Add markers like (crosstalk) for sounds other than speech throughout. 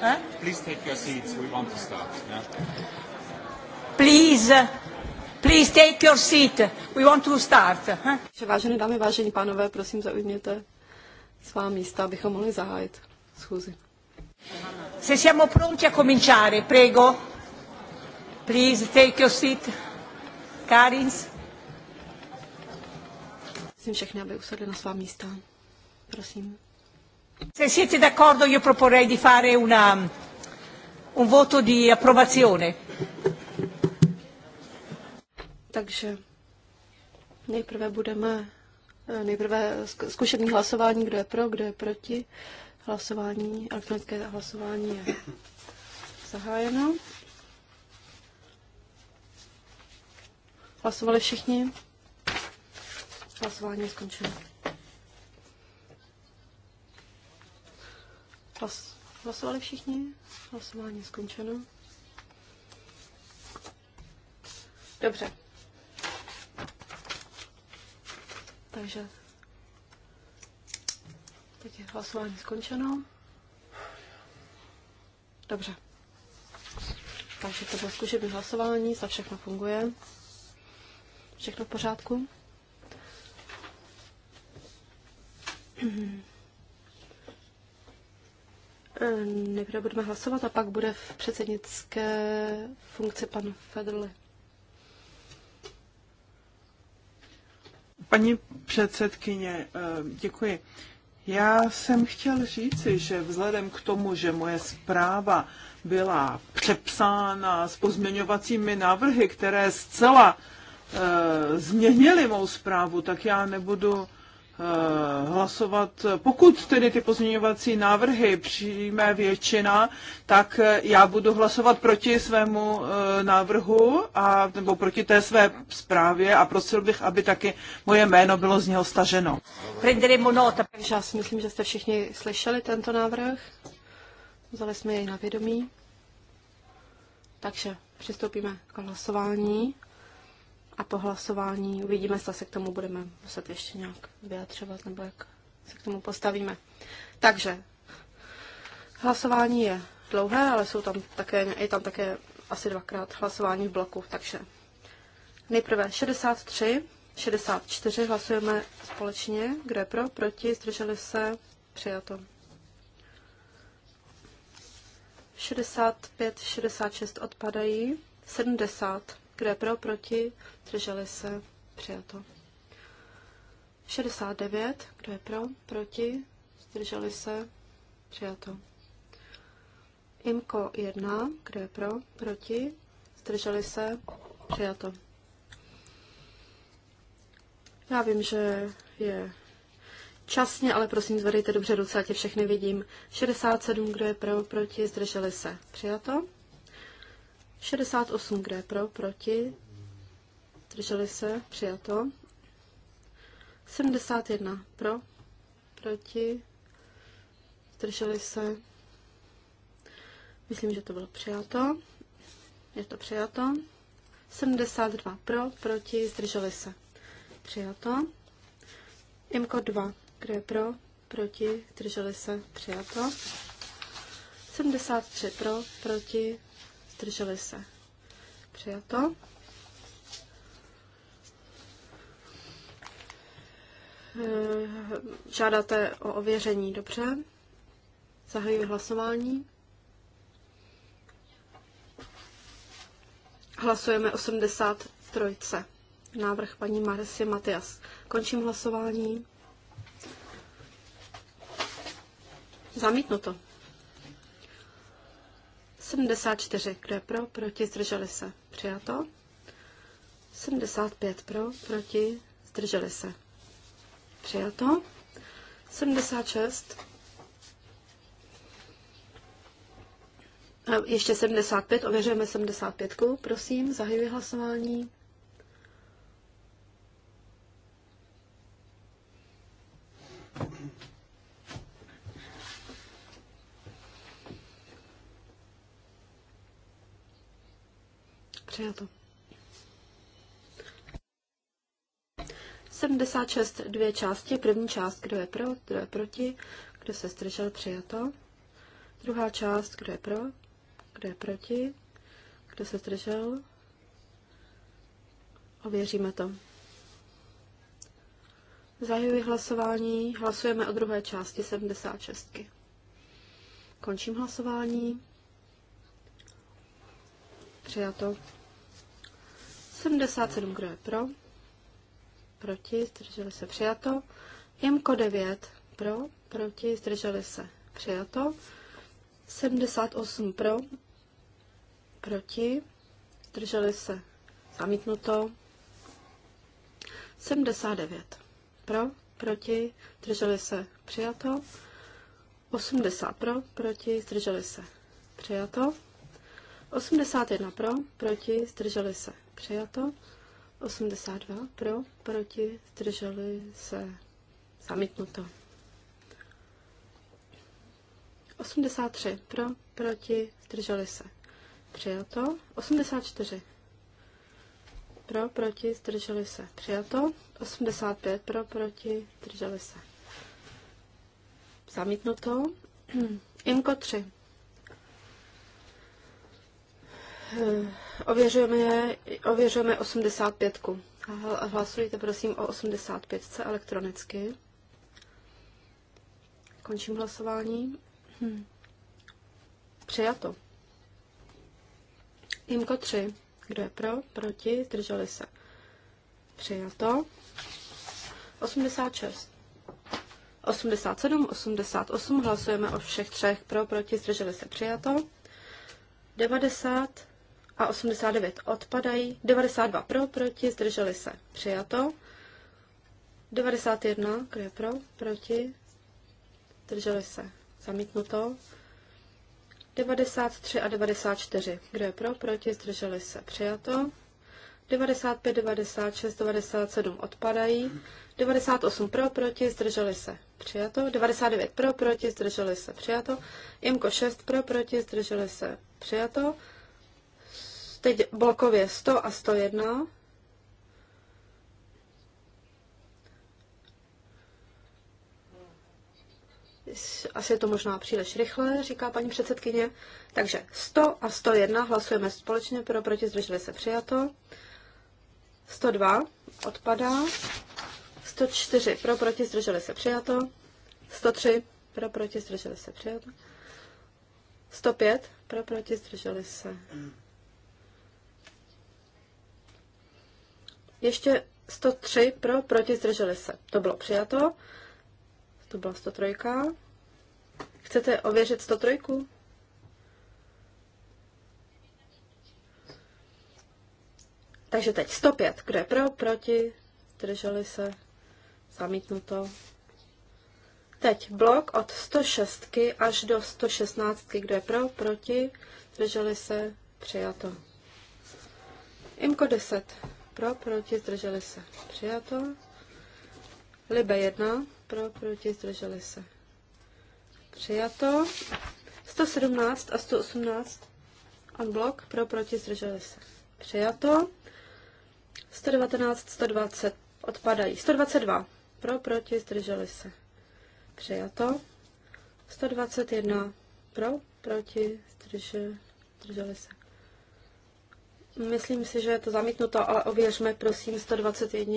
Huh? Please take your seats. We want to start. Yeah? Please, please take your seat. We want to start. Huh? Vážené dámy, vážení pánové, prosím zaujměte svá místa, abychom mohli zahájit schůzi. Se siamo pronti a cominciare, prego. Please take your seat. Karins. Prosím všechny, aby usedli na svá místa. Prosím. Se siete d'accordo io proporrei di fare una, un voto di approvazione. Takže nejprve budeme eh, nejprve zkušební hlasování, kdo je pro, kdo je proti. Hlasování, elektronické hlasování je zahájeno. Hlasovali všichni. Hlasování je skončeno. Hlas, hlasovali všichni? Hlasování skončeno. Dobře. Takže teď je hlasování skončeno. Dobře. Takže to bylo zkušební hlasování, za všechno funguje. Všechno v pořádku. Mm-hmm. (clears throat) Eh, nejprve budeme hlasovat a pak bude v předsednické funkci pan Federle. Paní předsedkyně, eh, děkuji. Já jsem chtěl říci, že vzhledem k tomu, že moje zpráva byla přepsána s pozměňovacími návrhy, které zcela e, změnily mou zprávu, tak já nebudu Eh, hlasovat, pokud tedy ty pozměňovací návrhy přijme většina, tak já budu hlasovat proti svému eh, návrhu a, nebo proti té své zprávě a prosil bych, aby taky moje jméno bylo z něho staženo. Takže já si myslím, že jste všichni slyšeli tento návrh. Vzali jsme jej na vědomí. Takže přistoupíme k hlasování a po hlasování uvidíme, zda se k tomu budeme muset ještě nějak vyjadřovat nebo jak se k tomu postavíme. Takže hlasování je dlouhé, ale jsou tam také, je tam také asi dvakrát hlasování v bloku, takže nejprve 63, 64 hlasujeme společně, kdo je pro, proti, zdrželi se, přijato. 65, 66 odpadají, 70 kdo je pro, proti, Drželi se, přijato. 69. Kdo je pro, proti, zdrželi se, přijato. IMKO 1. Kdo je pro, proti, zdrželi se, přijato. Já vím, že je časně, ale prosím, zvedejte dobře ruce, ať všechny vidím. 67, kdo je pro, proti, zdrželi se. Přijato. 68, kde pro, proti, Drželi se, přijato. 71 pro, proti, Drželi se. Myslím, že to bylo přijato. Je to přijato. 72 pro, proti, zdrželi se. Přijato. Imko 2, kde je pro, proti, zdrželi se. Přijato. 73 pro, proti, zdrželi se. Přijato. Eh, žádáte o ověření, dobře. Zahajuji hlasování. Hlasujeme 83. Návrh paní Marisy Matias. Končím hlasování. Zamítnuto. to. 74, kdo je pro, proti, zdrželi se, přijato. 75 pro, proti, zdrželi se, přijato. 76, ještě 75, ověřujeme 75, prosím, zahajuji hlasování. Přijato. 76, dvě části. První část, kdo je pro, kdo je proti, kdo se zdržel, přijato. Druhá část, kdo je pro, kdo je proti, kdo se zdržel. Ověříme to. Zahajuji hlasování. Hlasujeme o druhé části 76. Končím hlasování. Přijato. 77, kdo je pro? Proti, zdrželi se, přijato. Jemko 9, pro, proti, zdrželi se, přijato. 78 pro, proti, zdrželi se, zamítnuto. 79 pro, proti, zdrželi se, přijato. 80 pro, proti, zdrželi se, přijato. 81 pro, proti, zdrželi se, přijato. 82 pro, proti, zdrželi se, zamítnuto. 83 pro, proti, zdrželi se, přijato. 84 pro, proti, zdrželi se, přijato. 85 pro, proti, zdrželi se, zamítnuto. (clears throat) Inko 3 Eh, ověřujeme, ověřujeme 85. Hlasujte prosím o 85 elektronicky. Končím hlasování. Hm. Přijato. Imko 3. Kdo je pro? Proti? Drželi se. Přijato. 86. 87, 88. Hlasujeme o všech třech pro, proti, zdrželi se. Přijato. 90 a 89 odpadají. 92 pro, proti, zdrželi se. Přijato. 91, kdo je pro, proti, zdrželi se. Zamítnuto. 93 a 94, kdo je pro, proti, zdrželi se. Přijato. 95, 96, 97 odpadají. 98 pro, proti, zdrželi se. Přijato. 99 pro, proti, zdrželi se. Přijato. Jemko 6 pro, proti, zdrželi se. Přijato. Teď blokově 100 a 101. Asi je to možná příliš rychle, říká paní předsedkyně. Takže 100 a 101 hlasujeme společně, pro proti zdržili se přijato. 102 odpadá. 104 pro proti zdrželi se přijato. 103 pro proti zdrželi se přijato. 105 pro proti zdrželi se Ještě 103 pro, proti, zdrželi se. To bylo přijato. To byla 103. Chcete ověřit 103? Takže teď 105. Kdo je pro, proti, zdrželi se, zamítnuto. Teď blok od 106 až do 116. Kdo je pro, proti, zdrželi se, přijato. Imko 10 pro, proti, zdrželi se. Přijato. Libe 1, pro, proti, zdrželi se. Přijato. 117 a 118 unblock, pro, proti, zdrželi se. Přijato. 119, 120 odpadají. 122, pro, proti, zdrželi se. Přijato. 121, pro, proti, zdrželi, se. Myslím si, že je to zamítnuto, ale ověřme prosím 121.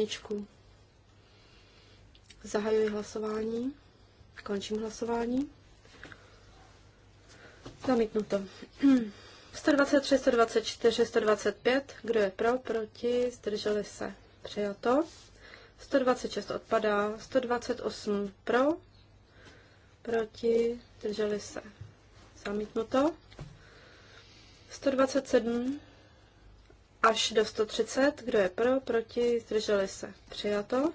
Zahajuji hlasování. Končím hlasování. Zamítnuto. 123, 124, 125. Kdo je pro, proti, zdrželi se. Přijato. 126 odpadá. 128 pro, proti, zdrželi se. Zamítnuto. 127 až do 130. Kdo je pro? Proti? Zdrželi se. Přijato.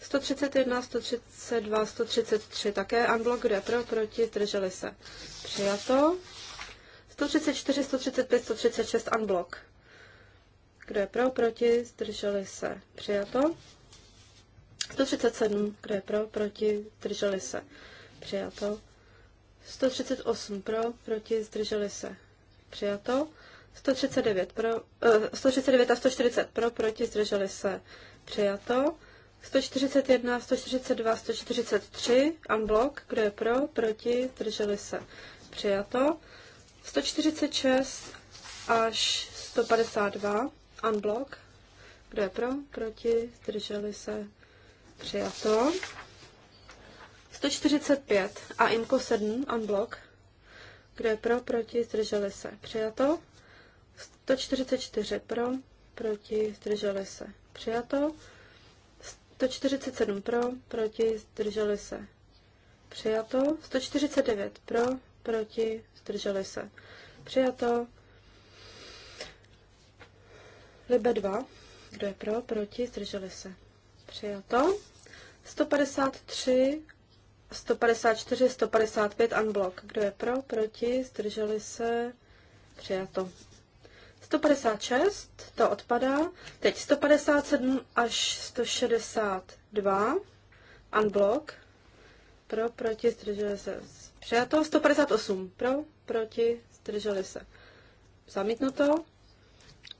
131, 132, 133 také unblock, kdo je pro, proti, zdrželi se. Přijato. 134, 135, 136 unblock. Kdo je pro, proti, zdrželi se. Přijato. 137, kdo je pro, proti, zdrželi se. Přijato. 138 pro, proti, zdrželi se. Přijato. 139, pro, uh, eh, 139 a 140 pro, proti, zdrželi se, přijato. 141, 142, 143, unblock, kdo je pro, proti, zdrželi se, přijato. 146 až 152, unblock, kdo je pro, proti, zdrželi se, přijato. 145 a inko 7, unblock, kdo je pro, proti, zdrželi se, přijato. 144 pro, proti, zdrželi se. Přijato. 147 pro, proti, zdrželi se. Přijato. 149 pro, proti, zdrželi se. Přijato. Libe 2. Kdo je pro, proti, zdrželi se. Přijato. 153, 154, 155 unblock. Kdo je pro, proti, zdrželi se. Přijato. 156, to odpadá. Teď 157 až 162, unblock. Pro, proti, zdrželi se. Přijato 158, pro, proti, zdrželi se. Zamítnuto.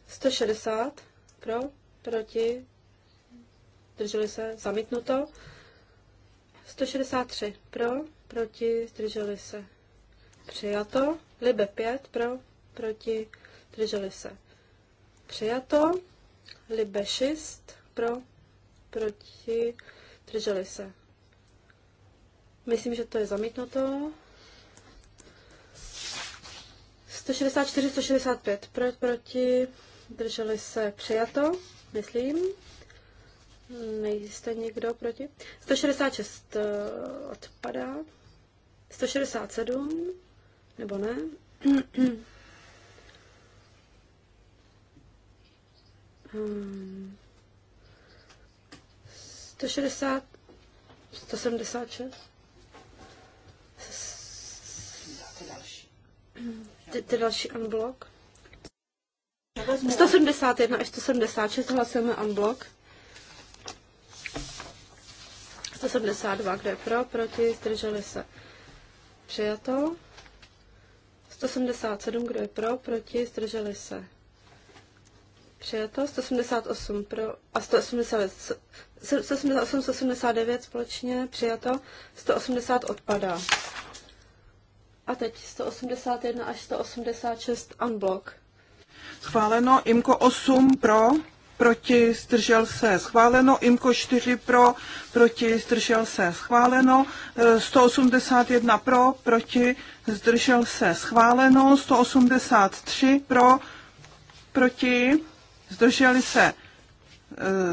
160, pro, proti, zdrželi se. Zamítnuto. 163, pro, proti, zdrželi se. Přijato. Libe 5, pro, proti, Drželi se. Přijato. Libe 6. Pro. Proti. Drželi se. Myslím, že to je zamítnuto. 164, 165 pro, proti, drželi se přijato, myslím. Nejste někdo proti. 166 eh, odpadá. 167, nebo ne? (clears throat) 160, hm. 176. Ty další. Ty, další unblock. 171 až 176 hlasujeme unblock. 172, kde pro, proti, zdrželi se. Přijato. 177, kdo je pro, proti, zdrželi se. Přijato 188 pro, a 188, 189 společně, přijato 180 odpadá. A teď 181 až 186 unblock. Schváleno IMKO 8 pro, proti zdržel se schváleno, IMKO 4 pro, proti zdržel se schváleno, 181 pro, proti zdržel se schváleno, 183 pro, proti zdrželi se e,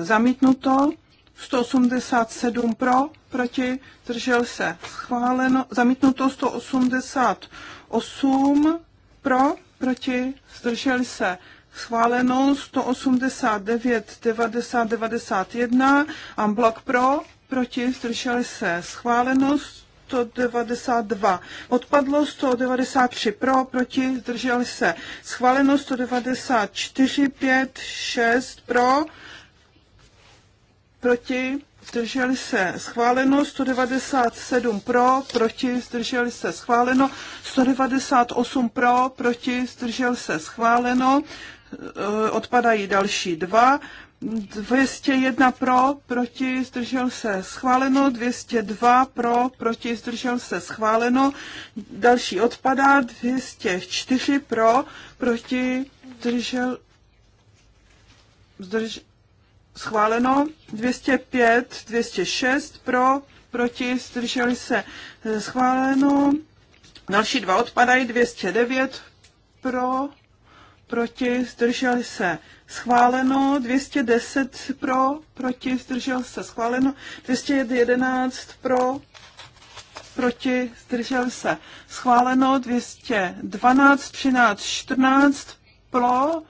zamítnuto, 187 pro, proti, zdržel se schváleno, zamítnuto 188 pro, proti, zdrželi se schváleno, 189, 90, 91, amblok pro, proti, zdrželi se schváleno, 192 odpadlo, 193 pro, proti, zdrželi se. Schváleno 194, 5, 6 pro, proti, zdrželi se. Schváleno 197 pro, proti, zdrželi se. Schváleno 198 pro, proti, zdržel se. Schváleno eh, odpadají další dva. 201 pro, proti, zdržel se schváleno, 202 pro, proti, zdržel se schváleno, další odpadá, 204 pro, proti, zdržel, zdrž, schváleno, 205, 206 pro, proti, zdrželi se schváleno, další dva odpadají, 209 pro, proti, zdrželi se schváleno, 210 pro, proti, zdržel se schváleno, 211 pro, proti, zdržel se schváleno, 212, 13, 14 pro,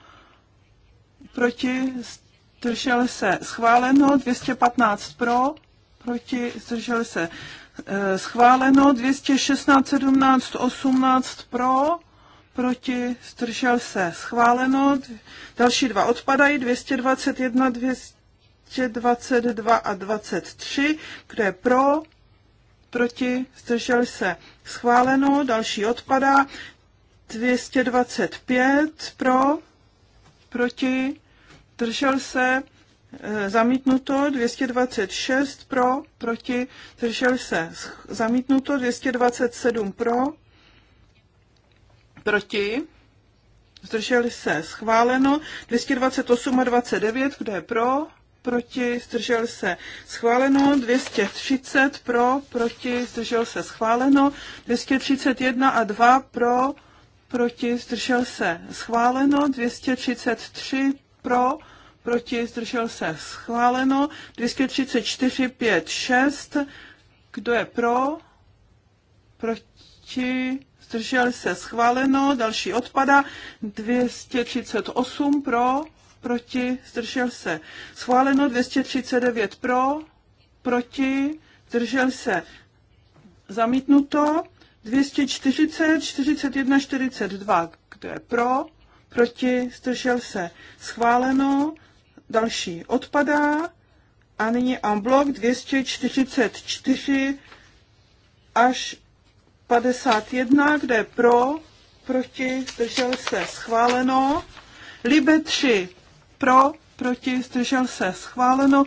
proti, zdržel se schváleno, 215 pro, proti, zdržel se eh, schváleno, 216, 17, 18 pro, proti, zdržel se, schváleno. Další dva odpadají, 221, 222 a 23. Kdo je pro, proti, zdržel se, schváleno. Další odpadá, 225 pro, proti, držel se, e, zamítnuto 226 pro, proti, držel se zamítnuto 227 pro, Proti? Zdrželi se schváleno. 228 a 29, kdo je pro? Proti? Zdrželi se schváleno. 230 pro? Proti? Zdržel se schváleno. 231 a 2 pro? Proti? Zdržel se schváleno. 233 pro? Proti? Zdržel se schváleno. 234, 5, 6. Kdo je pro? Proti? zdržel se schváleno, další odpada, 238 pro, proti, zdržel se schváleno, 239 pro, proti, zdržel se zamítnuto, 240, 41, 42, kdo je pro, proti, zdržel se schváleno, další odpadá a nyní unblock 244 až 51, kde je pro, proti, zdržel se, schváleno. Libe 3, pro, proti, zdržel se, schváleno.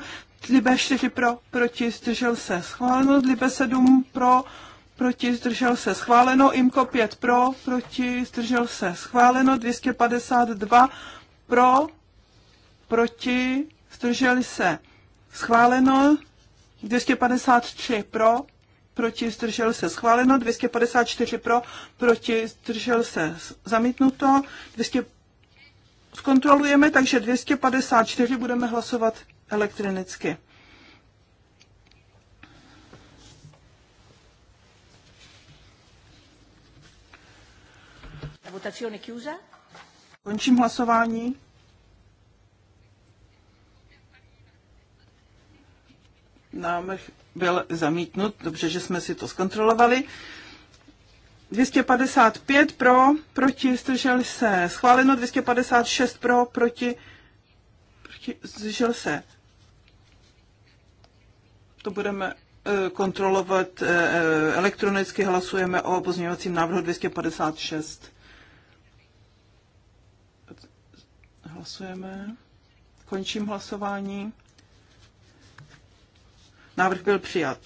Libe 4 pro, proti, zdržel se, schváleno. Libe 7 pro, proti, zdržel se, schváleno. Imko 5 pro, proti, zdržel se, schváleno. 252 pro, proti, zdrželi se, schváleno. 253 pro, proti, zdržel se schváleno, 254 pro, proti, zdržel se zamítnuto, 200 zkontrolujeme, takže 254 budeme hlasovat elektronicky. Končím hlasování. návrh byl zamítnut, dobře, že jsme si to zkontrolovali. 255 pro, proti, zdržel se, schváleno 256 pro, proti, proti zdržel se. To budeme eh, kontrolovat eh, eh, elektronicky, hlasujeme o pozměňovacím návrhu 256. Hlasujeme. Končím hlasování. Návrh byl přijat.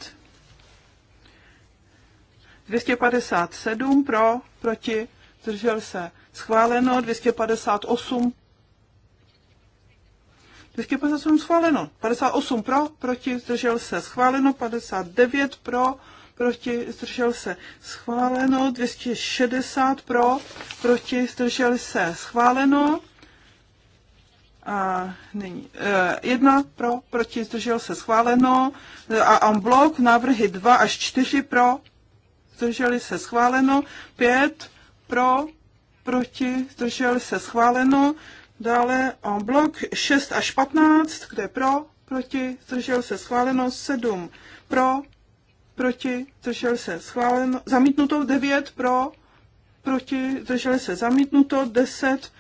257 pro, proti, zdržel se. Schváleno 258. 258 schváleno. 58 pro, proti, zdržel se. Schváleno 59 pro, proti, zdržel se. Schváleno 260 pro, proti, zdržel se. Schváleno a nyní, eh, jedna pro, proti, zdržel se schváleno. A en blok návrhy dva až čtyři pro, zdrželi se schváleno. pět pro, proti, zdrželi se schváleno. Dále en blok 6 až 15, kde pro, proti, zdržel se schváleno. 7 pro, proti, zdržel se schváleno. Zamítnuto 9 pro, proti, zdrželi se zamítnuto. 10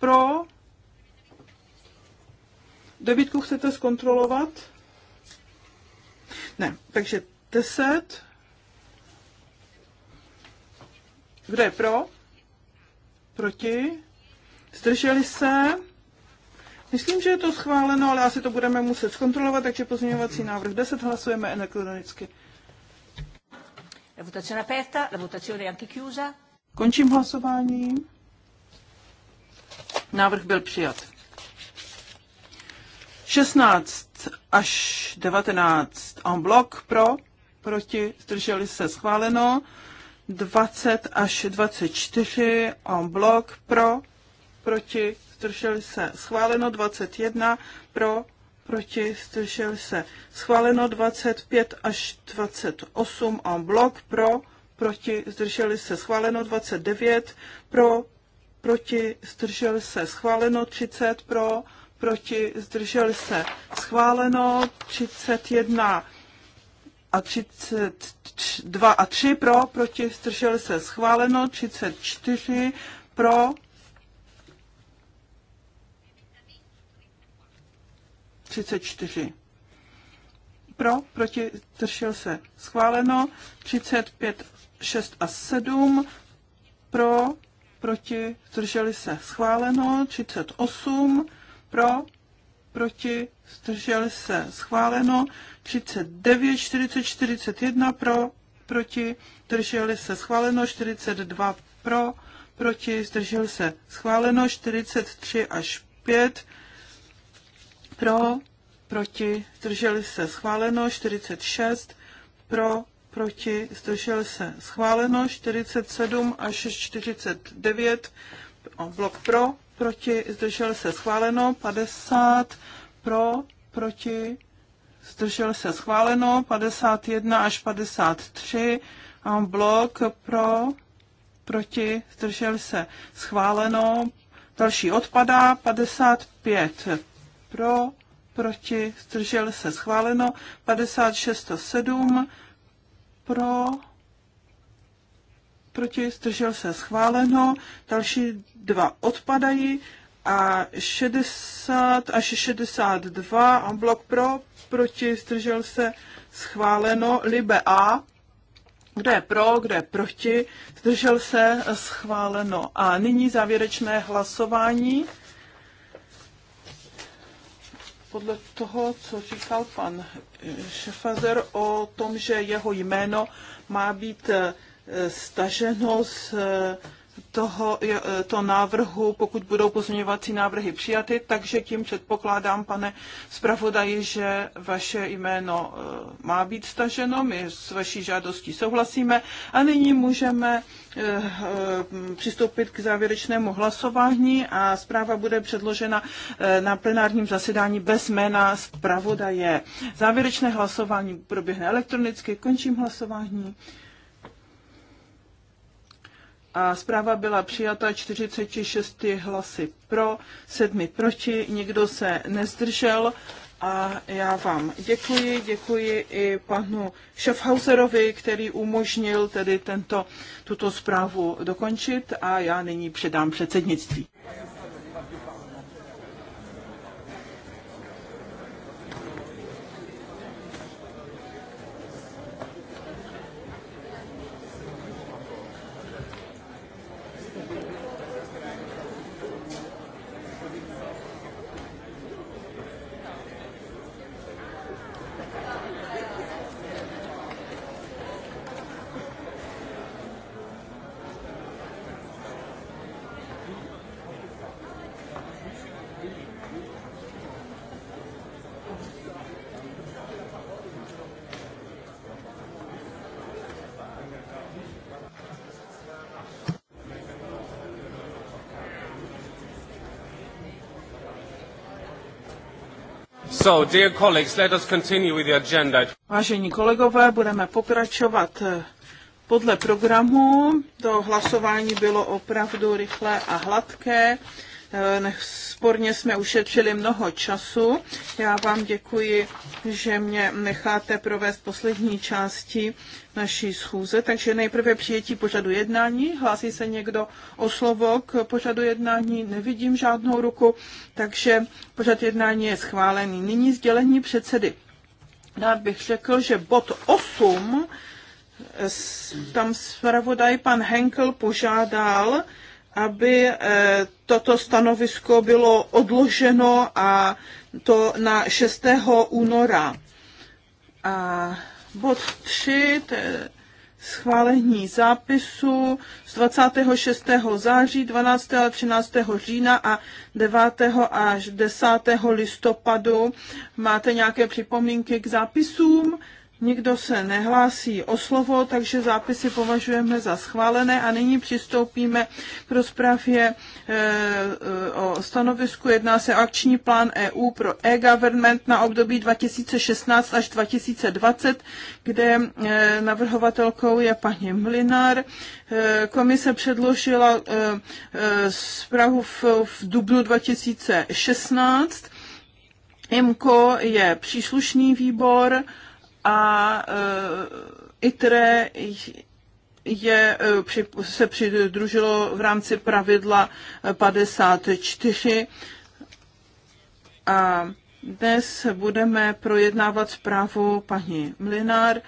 pro, Dobytku chcete zkontrolovat? Ne, takže 10. Kdo je pro? Proti? Zdrželi se? Myslím, že je to schváleno, ale asi to budeme muset zkontrolovat, takže pozměňovací návrh 10 hlasujeme elektronicky. La votazione aperta, la votazione anche chiusa. Končím hlasování. Návrh byl přijat. 16 až 19 en bloc pro, proti, zdrželi se schváleno. 20 až 24 en bloc pro, proti, zdrželi se schváleno. 21 pro, proti, zdrželi se schváleno. 25 až 28 en bloc pro, proti, zdrželi se schváleno. 29 pro, proti, zdrželi se schváleno. 30 pro, proti, zdrželi se. Schváleno 31 a 32 a 3 pro, proti, zdrželi se. Schváleno 34 pro, 34. Pro, proti, zdržel se. Schváleno. 35, 6 a 7. Pro, proti, zdrželi se. Schváleno. 38 pro, proti, zdrželi se, schváleno, 39, 40, 41 pro, proti, zdrželi se, schváleno, 42 pro, proti, zdržel se, schváleno, 43 až 5 pro, proti, zdrželi se, schváleno, 46 pro, proti, zdržel se, schváleno, 47 až 49 blok pro, proti, zdržel se schváleno, 50 pro, proti, zdržel se schváleno, 51 až 53 a blok pro, proti, zdržel se schváleno, další odpadá, 55 pro, proti, zdržel se schváleno, 56 7 pro, proti, zdržel se schváleno, další dva odpadají a 60 až 62 a blok pro, proti, zdržel se schváleno, libe A, kde je pro, kde je proti, zdržel se schváleno. A nyní závěrečné hlasování podle toho, co říkal pan Šefazer o tom, že jeho jméno má být eh, staženo z eh, toho, eh, to návrhu, pokud budou pozměňovací návrhy přijaty, takže tím předpokládám, pane zpravodaji, že vaše jméno eh, má být staženo, my s vaší žádostí souhlasíme a nyní můžeme přistoupit k závěrečnému hlasování a zpráva bude předložena na plenárním zasedání bez jména zpravodaje. Závěrečné hlasování proběhne elektronicky, končím hlasování a zpráva byla přijata 46 hlasy pro, 7 proti, nikdo se nezdržel a já vám děkuji, děkuji i panu Schaffhauserovi, který umožnil tedy tento, tuto zprávu dokončit a já nyní předám předsednictví. So, dear colleagues, let us continue with the agenda. Vážení kolegové, budeme pokračovat eh, podle programu. To hlasování bylo opravdu rychlé a hladké. Eh, sporně jsme ušetřili mnoho času. Já vám děkuji, že mě necháte provést poslední části naší schůze. Takže nejprve přijetí pořadu jednání. Hlásí se někdo o slovo k pořadu jednání? Nevidím žádnou ruku, takže pořad jednání je schválený. Nyní sdělení předsedy. Rád bych řekl, že bod 8, eh, tam zpravodaj pan Henkel požádal, aby eh, toto stanovisko bylo odloženo a to na 6. února. A bod 3, to je schválení zápisu z 26. září, 12. a 13. října a 9. až 10. listopadu. Máte nějaké připomínky k zápisům? Nikdo se nehlásí o slovo, takže zápisy považujeme za schválené a nyní přistoupíme k rozpravě e, e, o stanovisku. Jedná se o akční plán EU pro e-government na období 2016 až 2020, kde e, navrhovatelkou je paní Mlinar. Komise předložila zprávu v dubnu 2016. IMCO je příslušný výbor a e, ITRE je, e, se přidružilo v rámci pravidla 54 a dnes budeme projednávat zprávu paní Mlinár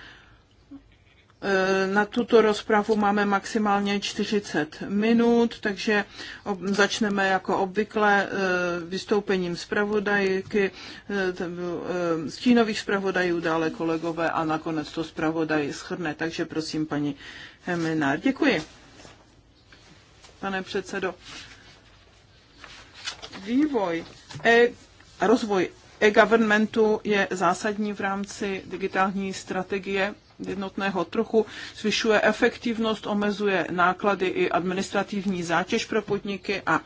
Eh, na tuto rozpravu máme maximálně 40 minut, takže začneme jako obvykle eh, vystoupením zpravodajky, eh, stínových zpravodajů, dále kolegové a nakonec to zpravodaj schrne. Takže prosím, paní Heminár. Děkuji, pane předsedo. Vývoj e, rozvoj e-governmentu je zásadní v rámci digitální strategie jednotného trhu, zvyšuje efektivnost, omezuje náklady i administrativní zátěž pro podniky a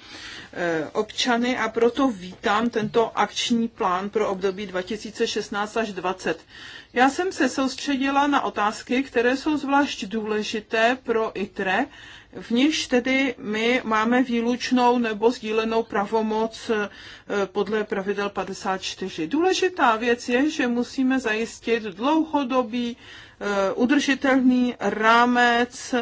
e, občany a proto vítám tento akční plán pro období 2016 až 2020. Já jsem se soustředila na otázky, které jsou zvlášť důležité pro ITRE, v níž tedy my máme výlučnou nebo sdílenou pravomoc e, podle pravidel 54. Důležitá věc je, že musíme zajistit dlouhodobý Eh, udržitelný rámec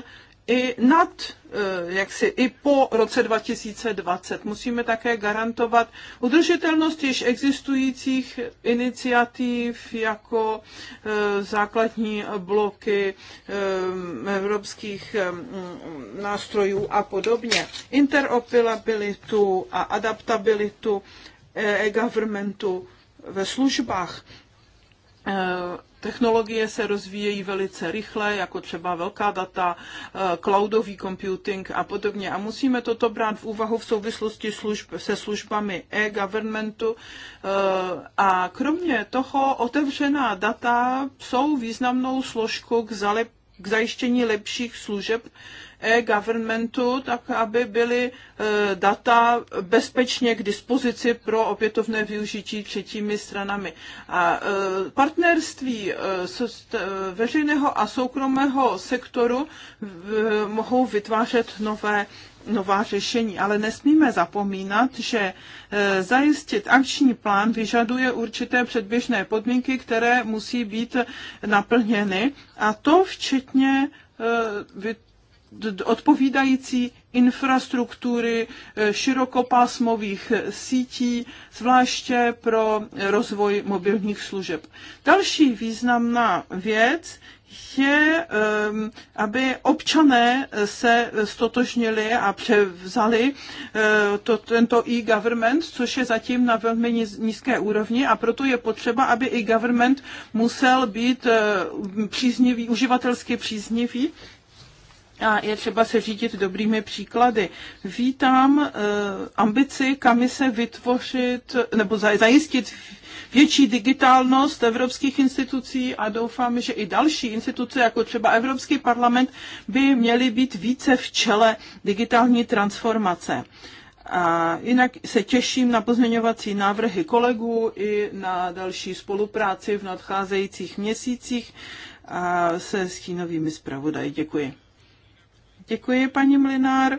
i nad, eh, jak si i po roce 2020. Musíme také garantovat udržitelnost již existujících iniciativ jako eh, základní bloky evropských mm, nástrojů a podobně. Interoperabilitu a adaptabilitu e-governmentu ve službách Technologie se rozvíjejí velice rychle, jako třeba velká data, eh, cloudový computing a podobně. A musíme toto brát v úvahu v souvislosti služb, se službami e-governmentu. Eh, a kromě toho otevřená data jsou významnou složkou k, zalep, k zajištění lepších služeb e-governmentu, tak aby byly e, data bezpečně k dispozici pro opětovné využití třetími stranami. A e, partnerství e, veřejného a soukromého sektoru mohou vytvářet nové nová řešení, ale nesmíme zapomínat, že zajistit akční plán vyžaduje určité předběžné podmínky, které musí být naplněny a to včetně odpovídající infrastruktury eh, širokopásmových eh, sítí, zvláště pro rozvoj mobilních služeb. Další významná věc je, ehm, aby občané eh, se stotožnili a převzali to, tento e-government, což je zatím na velmi nízké úrovni a proto je potřeba, aby i government musel být příznivý, uživatelsky příznivý a je třeba se řídit dobrými příklady. Vítám eh, ambici kamise vytvořit nebo zajistit větší digitálnost evropských institucí a doufám, že i další instituce, jako třeba Evropský parlament, by měly být více v čele digitální transformace. A jinak se těším na pozměňovací návrhy kolegů i na další spolupráci v nadcházejících měsících a se stínovými zpravodaji. Děkuji. Děkuji, paní Mlinár.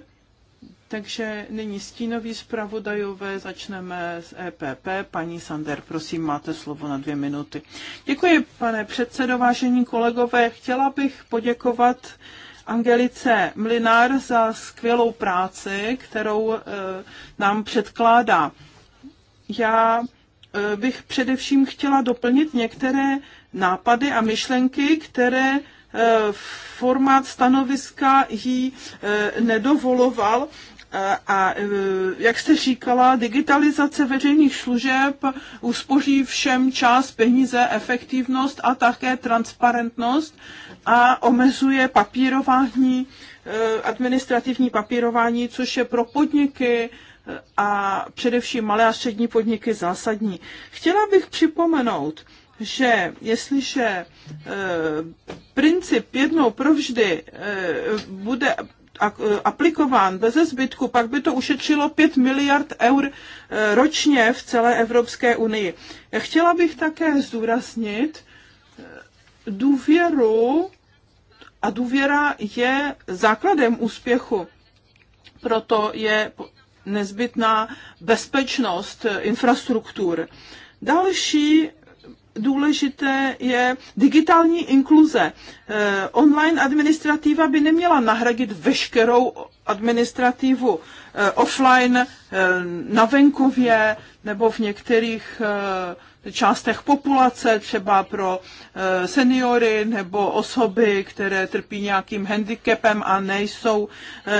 Takže nyní stínový zpravodajové, začneme s EPP. Paní Sander, prosím, máte slovo na dvě minuty. Děkuji, pane předsedo, vážení kolegové. Chtěla bych poděkovat Angelice Mlinár za skvělou práci, kterou eh, nám předkládá. Já eh, bych především chtěla doplnit některé nápady a myšlenky, které Eh, formát stanoviska jí eh, nedovoloval. Eh, a jak jste říkala, digitalizace veřejných služeb uspoří všem čas, peníze, efektivnost a také transparentnost a omezuje papírování, administrativní papírování, což je pro podniky a především malé a střední podniky zásadní. Chtěla bych připomenout, že jestliže eh, princip jednou provždy eh, bude aplikován bez zbytku, pak by to ušetřilo 5 miliard eur eh, ročně v celé Evropské unii. Chtěla bych také zdůraznit důvěru a důvěra je základem úspěchu. Proto je nezbytná bezpečnost infrastruktur. Další důležité je digitální inkluze. Eh, online administrativa by neměla nahradit veškerou administrativu eh, offline eh, na venkově nebo v některých částech populace, třeba pro seniory nebo osoby, které trpí nějakým handicapem a nejsou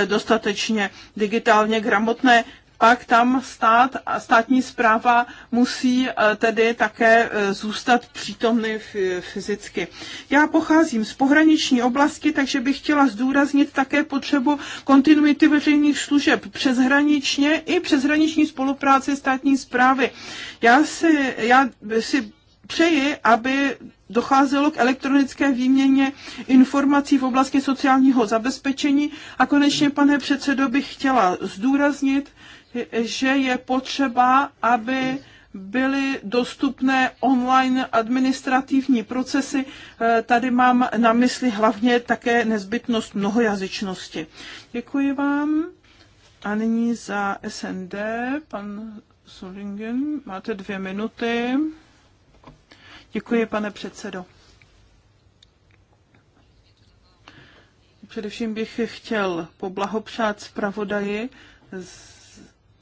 dostatečně digitálně gramotné pak tam stát a státní zpráva musí eh, tedy také eh, zůstat přítomny fyzicky. Já pocházím z pohraniční oblasti, takže bych chtěla zdůraznit také potřebu kontinuity veřejných služeb přeshraničně i přeshraniční spolupráci státní zprávy. Já si, já si přeji, aby docházelo k elektronické výměně informací v oblasti sociálního zabezpečení. A konečně, pane předsedo, bych chtěla zdůraznit, že je potřeba, aby byly dostupné online administrativní procesy. Eh, tady mám na mysli hlavně také nezbytnost mnohojazyčnosti. Děkuji vám. A nyní za SND, pan Solingen, máte dvě minuty. Děkuji, pane předsedo. Především bych chtěl poblahopřát zpravodaji z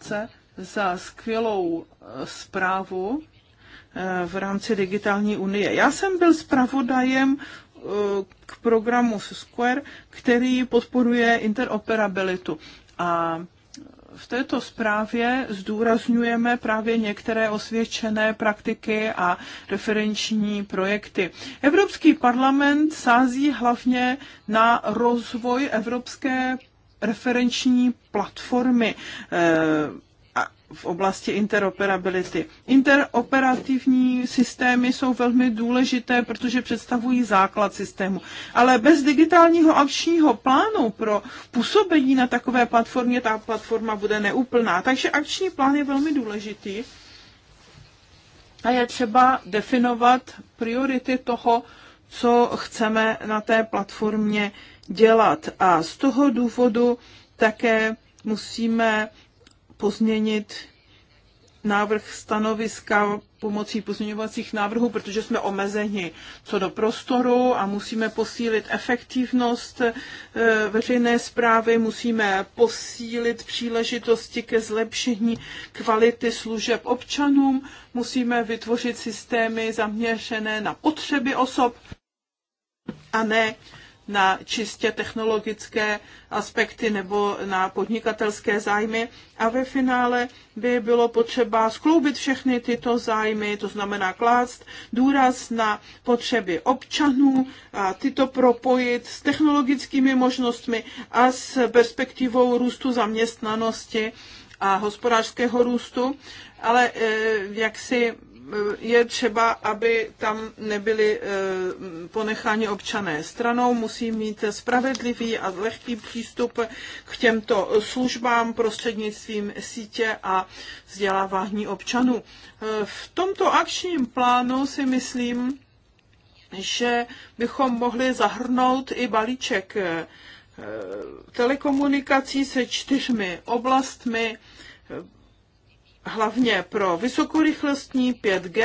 Krátce za skvělou eh, zprávu eh, v rámci digitální unie. Já jsem byl zpravodajem eh, k programu Square, který podporuje interoperabilitu. A v této zprávě zdůrazňujeme právě některé osvědčené praktiky a referenční projekty. Evropský parlament sází hlavně na rozvoj evropské referenční platformy eh, v oblasti interoperability. Interoperativní systémy jsou velmi důležité, protože představují základ systému. Ale bez digitálního akčního plánu pro působení na takové platformě ta platforma bude neúplná. Takže akční plán je velmi důležitý a je třeba definovat priority toho, co chceme na té platformě dělat. A z toho důvodu také musíme pozměnit návrh stanoviska pomocí pozměňovacích návrhů, protože jsme omezeni co do prostoru a musíme posílit efektivnost e, veřejné zprávy, musíme posílit příležitosti ke zlepšení kvality služeb občanům, musíme vytvořit systémy zaměřené na potřeby osob a ne na čistě technologické aspekty nebo na podnikatelské zájmy. A ve finále by bylo potřeba skloubit všechny tyto zájmy, to znamená klást důraz na potřeby občanů a tyto propojit s technologickými možnostmi a s perspektivou růstu zaměstnanosti a hospodářského růstu, ale eh, jak si je třeba, aby tam nebyli eh, ponecháni občané stranou, musí mít spravedlivý a lehký přístup k těmto službám prostřednictvím sítě a vzdělávání občanů. Eh, v tomto akčním plánu si myslím, že bychom mohli zahrnout i balíček eh, telekomunikací se čtyřmi oblastmi, hlavně pro vysokorychlostní 5G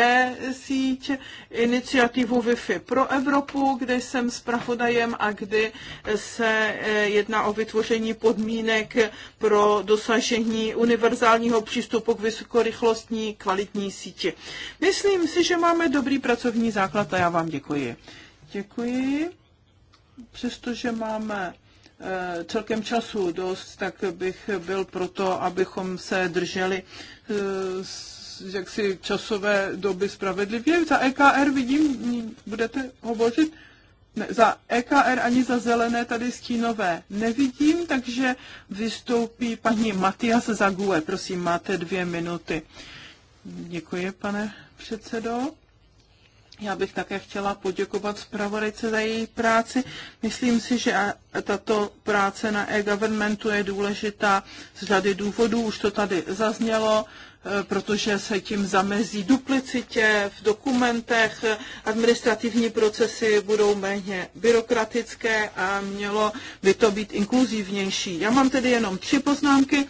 síť, iniciativu Wi-Fi pro Evropu, kde jsem zpravodajem a kdy se eh, jedná o vytvoření podmínek pro dosažení univerzálního přístupu k vysokorychlostní kvalitní síti. Myslím si, že máme dobrý pracovní základ a já vám děkuji. Děkuji. Přestože máme Eh, celkem času dost, tak bych byl proto, abychom se drželi eh, jaksi časové doby spravedlivě. Za EKR vidím, budete hovořit? Ne, za EKR ani za zelené tady stínové nevidím, takže vystoupí paní Matias Zague. Prosím, máte dvě minuty. Děkuji, pane předsedo. Já bych také chtěla poděkovat zpravodajce za její práci. Myslím si, že tato práce na e-governmentu je důležitá z řady důvodů, už to tady zaznělo, e, protože se tím zamezí duplicitě v dokumentech, administrativní procesy budou méně byrokratické a mělo by to být inkluzivnější. Já mám tedy jenom tři poznámky.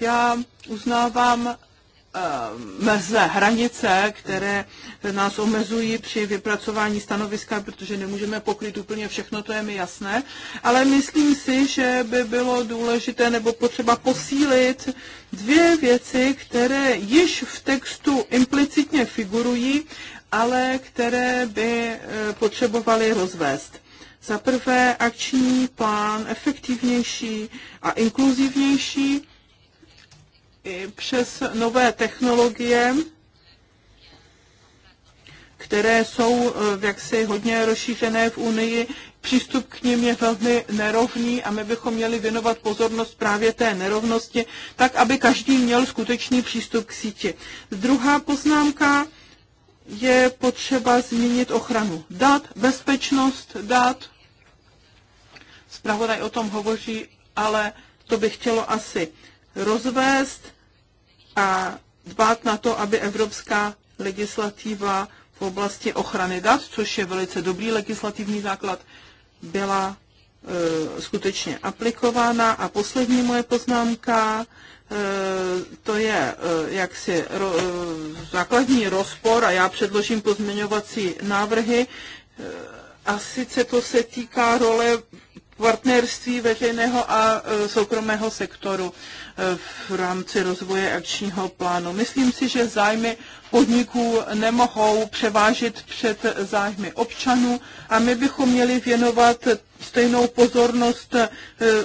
Já uznávám Eh, meze, hranice, které nás omezují při vypracování stanoviska, protože nemůžeme pokryt úplně všechno, to je mi jasné. Ale myslím si, že by bylo důležité nebo potřeba posílit dvě věci, které již v textu implicitně figurují, ale které by eh, potřebovaly rozvést. Za prvé akční plán efektivnější a inkluzivnější, i přes nové technologie, které jsou eh, jaksi hodně rozšířené v Unii, přístup k ním je velmi nerovný a my bychom měli věnovat pozornost právě té nerovnosti, tak aby každý měl skutečný přístup k síti. Druhá poznámka je potřeba zmínit ochranu dat, bezpečnost dat. Zpravodaj o tom hovoří, ale to by chtělo asi rozvést a dbát na to, aby evropská legislativa v oblasti ochrany dat, což je velice dobrý legislativní základ, byla e, skutečně aplikována. A poslední moje poznámka, e, to je e, jaksi ro, e, základní rozpor a já předložím pozměňovací návrhy. E, a sice to se týká role partnerství veřejného a e, soukromého sektoru e, v rámci rozvoje akčního plánu. Myslím si, že zájmy podniků nemohou převážit před zájmy občanů a my bychom měli věnovat stejnou pozornost eh,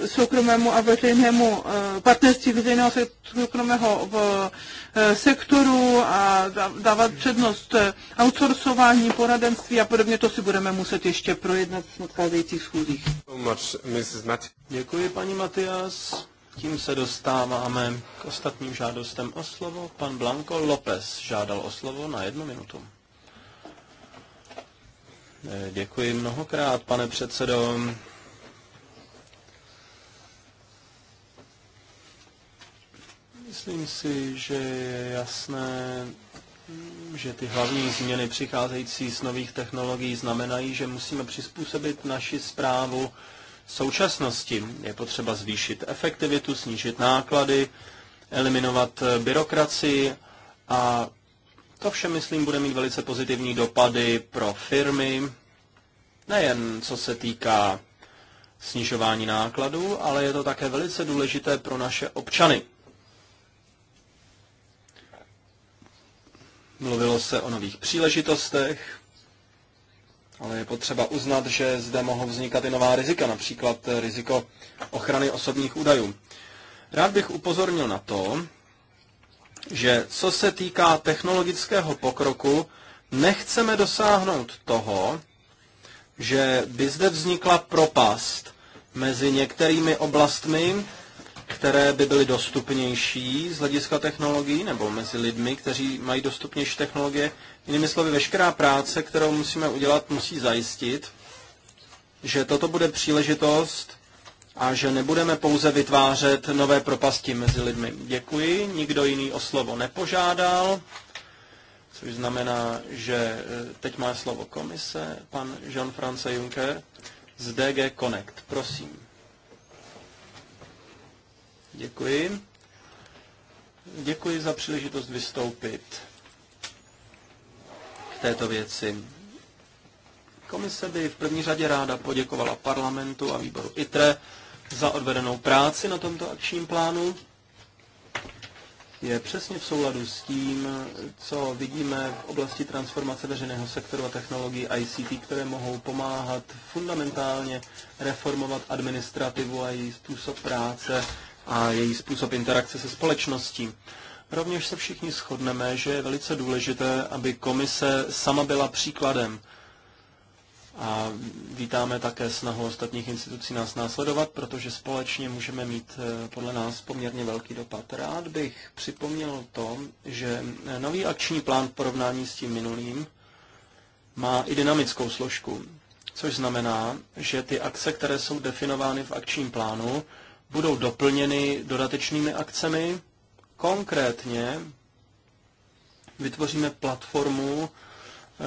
soukromému a veřejnému eh, partnerství veřejného soukromého v eh, sektoru a dávat přednost outsourcování, poradenství a podobně. To si budeme muset ještě projednat v nadcházejících schůzích. Děkuji, paní Matias. Tím se dostáváme k ostatním žádostem o slovo. Pan Blanco López žádal o slovo na jednu minutu. Eh, děkuji mnohokrát, pane předsedo. Myslím si, že je jasné, že ty hlavní změny přicházející z nových technologií znamenají, že musíme přizpůsobit naši zprávu současnosti. Je potřeba zvýšit efektivitu, snížit náklady, eliminovat eh, byrokracii a to vše, myslím, bude mít velice pozitivní dopady pro firmy, nejen co se týká snižování nákladů, ale je to také velice důležité pro naše občany. Mluvilo se o nových příležitostech, ale je potřeba uznat, že zde mohou vznikat i nová rizika, například riziko ochrany osobních údajů. Rád bych upozornil na to, že co se týká technologického pokroku, nechceme dosáhnout toho, že by zde vznikla propast mezi některými oblastmi, které by byly dostupnější z hlediska technologií, nebo mezi lidmi, kteří mají dostupnější technologie. Jinými slovy, veškerá práce, kterou musíme udělat, musí zajistit, že toto bude příležitost a že nebudeme pouze vytvářet nové propasti mezi lidmi. Děkuji, nikdo jiný o slovo nepožádal, což znamená, že eh, teď má slovo komise, pan Jean-France Juncker z DG Connect. Prosím. Děkuji. Děkuji za příležitost vystoupit k této věci. Komise by v první řadě ráda poděkovala parlamentu a výboru ITRE za odvedenou práci na tomto akčním plánu. Je přesně v souladu s tím, co vidíme v oblasti transformace veřejného sektoru a technologií ICT, které mohou pomáhat fundamentálně reformovat administrativu a její způsob práce a její způsob interakce se společností. Rovněž se všichni shodneme, že je velice důležité, aby komise sama byla příkladem a vítáme také snahu ostatních institucí nás následovat, protože společně můžeme mít eh, podle nás poměrně velký dopad. Rád bych připomněl to, že eh, nový akční plán v porovnání s tím minulým má i dynamickou složku, což znamená, že ty akce, které jsou definovány v akčním plánu, budou doplněny dodatečnými akcemi. Konkrétně vytvoříme platformu,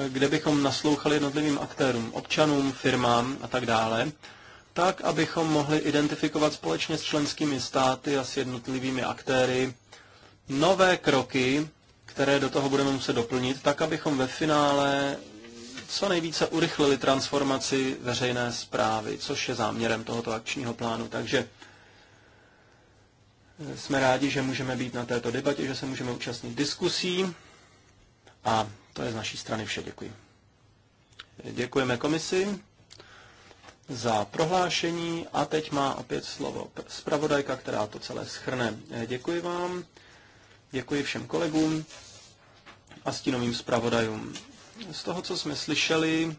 kde bychom naslouchali jednotlivým aktérům, občanům, firmám a tak dále, tak, abychom mohli identifikovat společně s členskými státy a s jednotlivými aktéry nové kroky, které do toho budeme muset doplnit, tak, abychom ve finále co nejvíce urychlili transformaci veřejné zprávy, což je záměrem tohoto akčního plánu. Takže eh, jsme rádi, že můžeme být na této debatě, že se můžeme účastnit diskusí a to je z naší strany vše. Děkuji. Děkujeme komisi za prohlášení a teď má opět slovo zpravodajka, která to celé schrne. Děkuji vám, děkuji všem kolegům a stínovým zpravodajům. Z toho, co jsme slyšeli,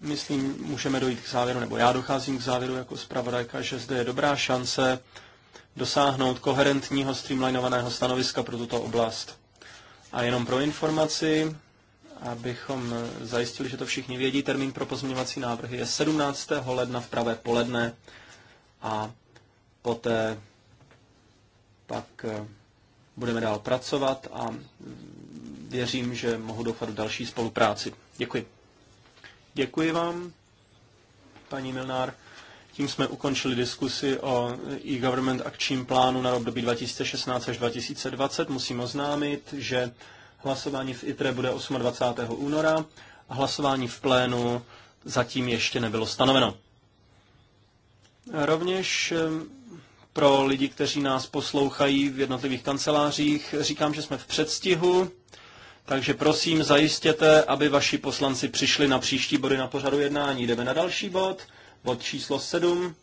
myslím, můžeme dojít k závěru, nebo já docházím k závěru jako zpravodajka, že zde je dobrá šance dosáhnout koherentního streamlinovaného stanoviska pro tuto oblast. A jenom pro informaci, abychom zajistili, že to všichni vědí, termín pro pozměňovací návrhy je 17. ledna v pravé poledne a poté pak eh, budeme dál pracovat a mm, věřím, že mohu doufat v další spolupráci. Děkuji. Děkuji vám, paní Milnár. Tím jsme ukončili diskusi o e-government akčním plánu na rok období 2016 až 2020. Musím oznámit, že hlasování v ITRE bude 28. února a hlasování v plénu zatím ještě nebylo stanoveno. Rovněž pro lidi, kteří nás poslouchají v jednotlivých kancelářích, říkám, že jsme v předstihu, takže prosím zajistěte, aby vaši poslanci přišli na příští body na pořadu jednání. Jdeme na další bod bod číslo 7,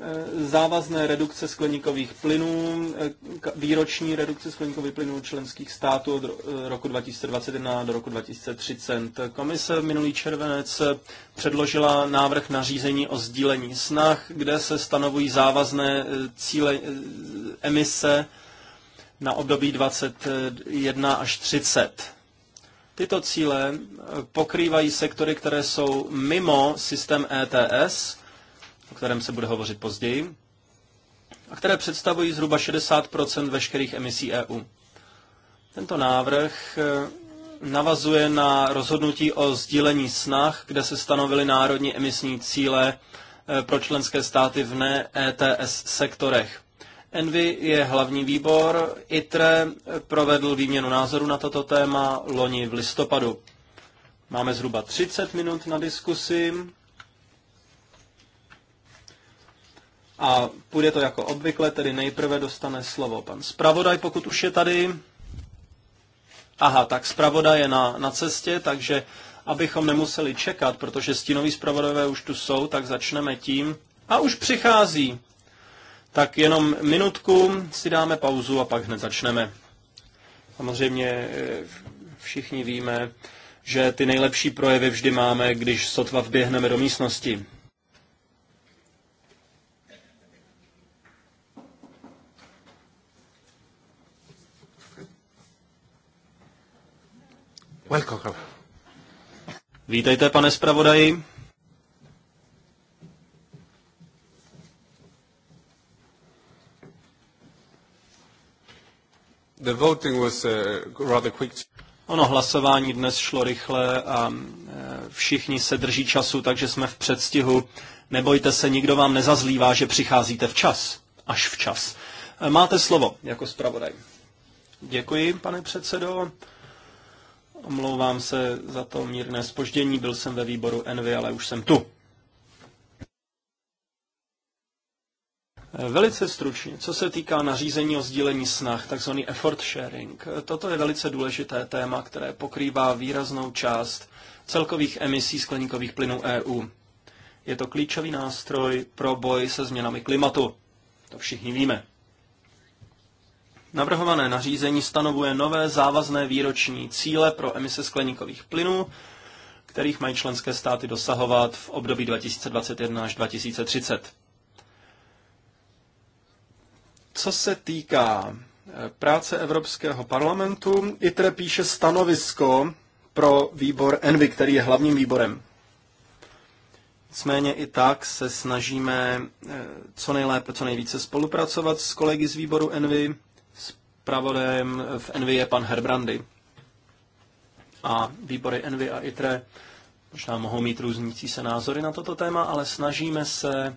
eh, závazné redukce skleníkových plynů, eh, výroční redukce skleníkových plynů členských států od eh, roku 2021 do roku 2030. Komise minulý červenec předložila návrh na řízení o sdílení snah, kde se stanovují závazné cíle emise na období 21 až 30. Tyto cíle eh, pokrývají sektory, které jsou mimo systém ETS, o kterém se bude hovořit později, a které představují zhruba 60 veškerých emisí EU. Tento návrh eh, navazuje na rozhodnutí o sdílení snah, kde se stanovily národní emisní cíle eh, pro členské státy v ne-ETS sektorech. Envy je hlavní výbor, ITRE provedl výměnu názoru na toto téma loni v listopadu. Máme zhruba 30 minut na diskusi a půjde to jako obvykle, tedy nejprve dostane slovo pan zpravodaj, pokud už je tady. Aha, tak zpravodaj je na, na cestě, takže abychom nemuseli čekat, protože stínoví zpravodajové už tu jsou, tak začneme tím. A už přichází. Tak jenom minutku si dáme pauzu a pak hned začneme. Samozřejmě eh, všichni víme, že ty nejlepší projevy vždy máme, když sotva vběhneme do místnosti. Welcome. Vítejte, pane zpravodaji. The voting was uh, rather quick. Ono hlasování dnes šlo rychle a e, všichni se drží času, takže jsme v předstihu. Nebojte se, nikdo vám nezazlívá, že přicházíte včas. Až včas. E, máte slovo jako zpravodaj. Děkuji, pane předsedo. Omlouvám se za to mírné spoždění, byl jsem ve výboru Envy, ale už jsem tu. Eh, velice stručně, co se týká nařízení o sdílení snah, takzvaný effort sharing. Eh, toto je velice důležité téma, které pokrývá výraznou část celkových emisí skleníkových plynů EU. Je to klíčový nástroj pro boj se změnami klimatu. To všichni víme. Navrhované nařízení stanovuje nové závazné výroční cíle pro emise skleníkových plynů, kterých mají členské státy dosahovat v období 2021 až 2030. Co se týká eh, práce Evropského parlamentu, ITRE píše stanovisko pro výbor ENVY, který je hlavním výborem. Nicméně i tak se snažíme eh, co nejlépe, co nejvíce spolupracovat s kolegy z výboru Envy. Spravodajem v Envy je pan Herbrandy. A výbory Envy a ITRE možná mohou mít různící se názory na toto téma, ale snažíme se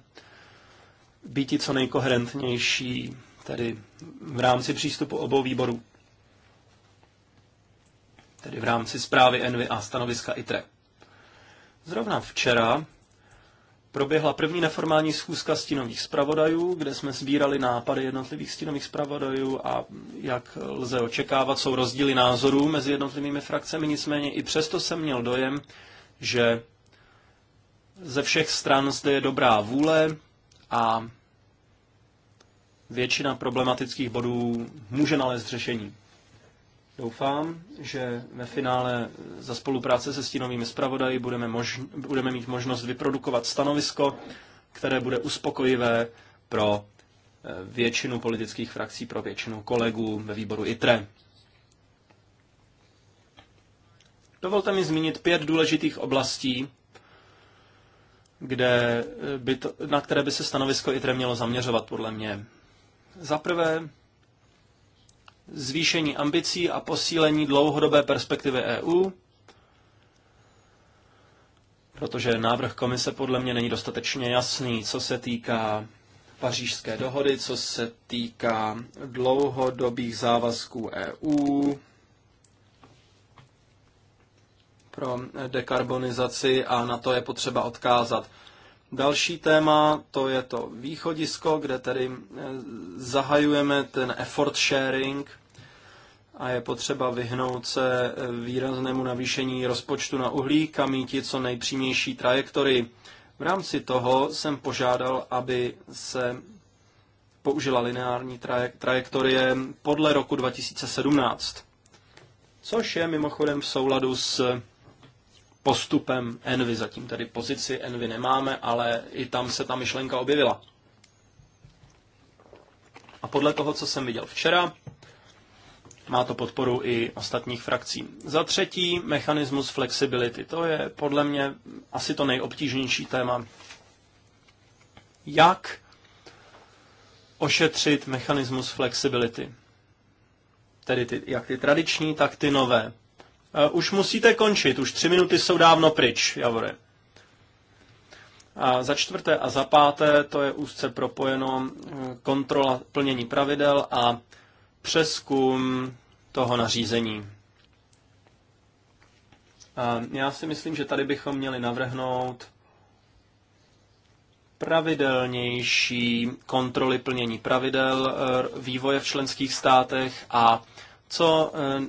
být co nejkoherentnější tedy v rámci přístupu obou výborů, tedy v rámci zprávy Envy a stanoviska ITRE. Zrovna včera proběhla první neformální schůzka stínových zpravodajů, kde jsme sbírali nápady jednotlivých stínových zpravodajů a jak lze očekávat, jsou rozdíly názorů mezi jednotlivými frakcemi, nicméně i přesto jsem měl dojem, že ze všech stran zde je dobrá vůle a většina problematických bodů může nalézt řešení. Doufám, že ve finále za spolupráce se stínovými zpravodaji budeme, mož, budeme mít možnost vyprodukovat stanovisko, které bude uspokojivé pro eh, většinu politických frakcí, pro většinu kolegů ve výboru ITRE. Dovolte mi zmínit pět důležitých oblastí, kde eh, by to, na které by se stanovisko ITRE mělo zaměřovat, podle mě. Za prvé, zvýšení ambicí a posílení dlouhodobé perspektivy EU, protože návrh komise podle mě není dostatečně jasný, co se týká pařížské dohody, co se týká dlouhodobých závazků EU pro dekarbonizaci a na to je potřeba odkázat. Další téma, to je to východisko, kde tedy eh, zahajujeme ten effort sharing a je potřeba vyhnout se eh, výraznému navýšení rozpočtu na uhlík a mít co nejpřímější trajektorii. V rámci toho jsem požádal, aby se použila lineární traje- trajektorie podle roku 2017, což je mimochodem v souladu s postupem Envy. Zatím tady pozici Envy nemáme, ale i tam se ta myšlenka objevila. A podle toho, co jsem viděl včera, má to podporu i ostatních frakcí. Za třetí, mechanismus flexibility. To je podle mě asi to nejobtížnější téma. Jak ošetřit mechanismus flexibility? Tedy ty, jak ty tradiční, tak ty nové. Eh, už musíte končit, už tři minuty jsou dávno pryč, Javore. A za čtvrté a za páté, to je úzce propojeno eh, kontrola plnění pravidel a přeskum toho nařízení. A eh, já si myslím, že tady bychom měli navrhnout pravidelnější kontroly plnění pravidel vývoje v členských státech a co eh,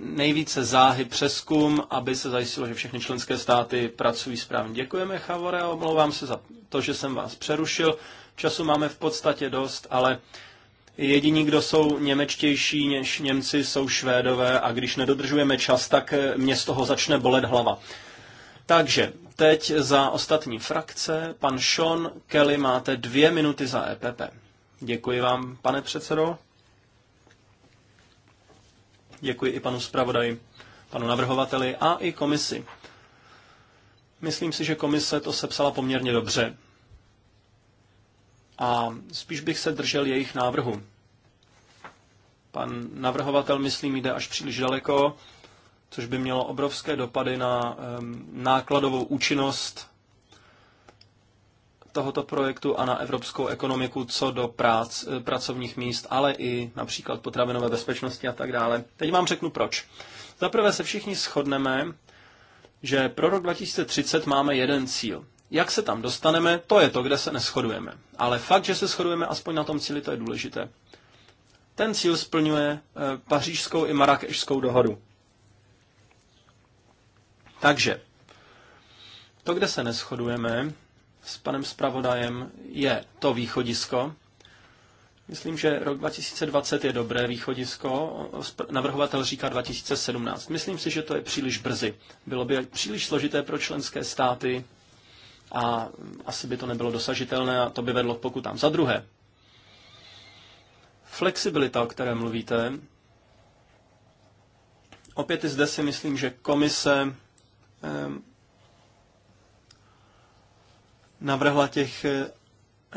nejvíce záhy přeskum, aby se zajistilo, že všechny členské státy pracují správně. Děkujeme, Chavore, a omlouvám se za to, že jsem vás přerušil. Času máme v podstatě dost, ale jediní, kdo jsou němečtější než Němci, jsou Švédové a když nedodržujeme čas, tak eh, mě z toho začne bolet hlava. Takže teď za ostatní frakce, pan Sean Kelly, máte dvě minuty za EPP. Děkuji vám, pane předsedo. Děkuji i panu zpravodaji, panu navrhovateli a i komisi. Myslím si, že komise to sepsala poměrně dobře. A spíš bych se držel jejich návrhu. Pan navrhovatel, myslím, jde až příliš daleko, což by mělo obrovské dopady na nákladovou účinnost tohoto projektu a na evropskou ekonomiku co do prác, eh, pracovních míst, ale i například potravinové bezpečnosti a tak dále. Teď vám řeknu proč. Zaprvé se všichni shodneme, že pro rok 2030 máme jeden cíl. Jak se tam dostaneme, to je to, kde se neschodujeme. Ale fakt, že se shodujeme aspoň na tom cíli, to je důležité. Ten cíl splňuje eh, pařížskou i marakešskou dohodu. Takže to, kde se neschodujeme, s panem zpravodajem je to východisko. Myslím, že rok 2020 je dobré východisko, navrhovatel říká 2017. Myslím si, že to je příliš brzy. Bylo by příliš složité pro členské státy a asi by to nebylo dosažitelné a to by vedlo k pokutám. Za druhé, flexibilita, o které mluvíte, opět i zde si myslím, že komise navrhla těch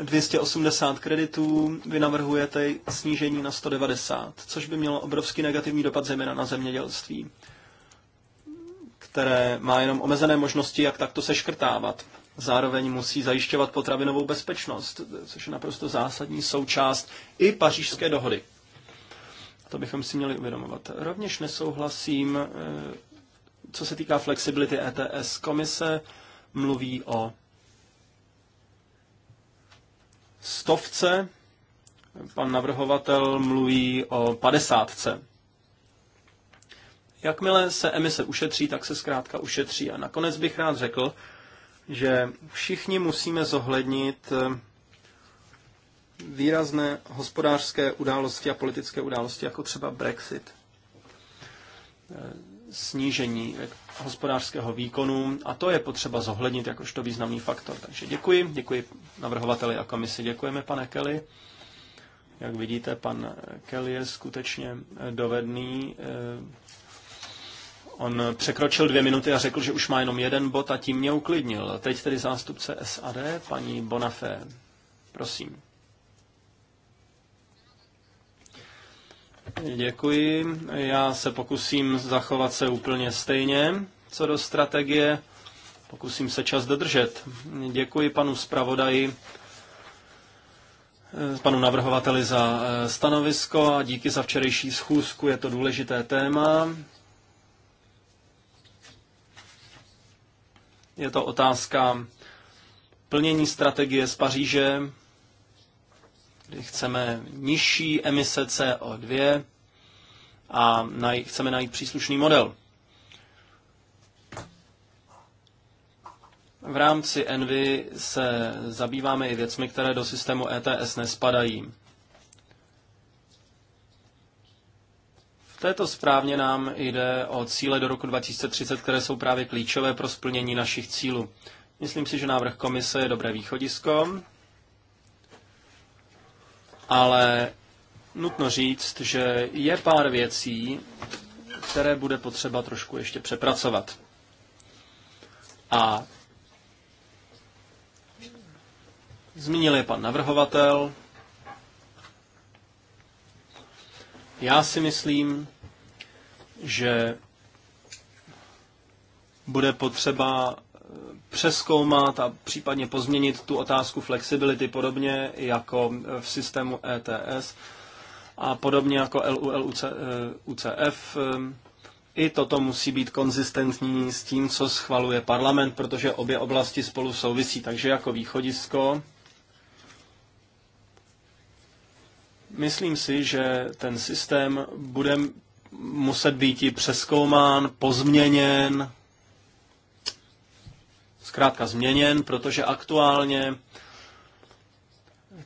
280 eh, kreditů, vy navrhujete snížení na 190, což by mělo obrovský negativní dopad zejména na zemědělství, které má jenom omezené možnosti, jak takto seškrtávat. Zároveň musí zajišťovat potravinovou bezpečnost, což je naprosto zásadní součást i pařížské dohody. To bychom si měli uvědomovat. Rovněž nesouhlasím, eh, co se týká flexibility ETS. Komise mluví o stovce, pan navrhovatel mluví o padesátce. Jakmile se emise ušetří, tak se zkrátka ušetří. A nakonec bych rád řekl, že všichni musíme zohlednit eh, výrazné hospodářské události a politické události, jako třeba Brexit, eh, snížení eh, hospodářského výkonu a to je potřeba zohlednit jakožto významný faktor. Takže děkuji, děkuji navrhovateli a komisi, děkujeme pane Kelly. Jak vidíte, pan Kelly je skutečně eh, dovedný. Eh, on překročil dvě minuty a řekl, že už má jenom jeden bod a tím mě uklidnil. Teď tedy zástupce SAD, paní Bonafé. Prosím. Děkuji. Já se pokusím zachovat se úplně stejně co do strategie. Pokusím se čas dodržet. Děkuji panu zpravodaji, eh, panu navrhovateli za eh, stanovisko a díky za včerejší schůzku. Je to důležité téma. Je to otázka plnění strategie z Paříže, kdy chceme nižší emise CO2 a naj, chceme najít příslušný model. V rámci Envy se zabýváme i věcmi, které do systému ETS nespadají. V této správně nám jde o cíle do roku 2030, které jsou právě klíčové pro splnění našich cílů. Myslím si, že návrh komise je dobré východisko ale nutno říct, že je pár věcí, které bude potřeba trošku ještě přepracovat. A zmínil je pan navrhovatel. Já si myslím, že bude potřeba přeskoumat a případně pozměnit tu otázku flexibility, podobně jako v systému ETS a podobně jako LULUCF. Eh, eh, I toto musí být konzistentní s tím, co schvaluje parlament, protože obě oblasti spolu souvisí. Takže jako východisko myslím si, že ten systém bude muset být i přeskoumán, pozměněn, zkrátka změněn, protože aktuálně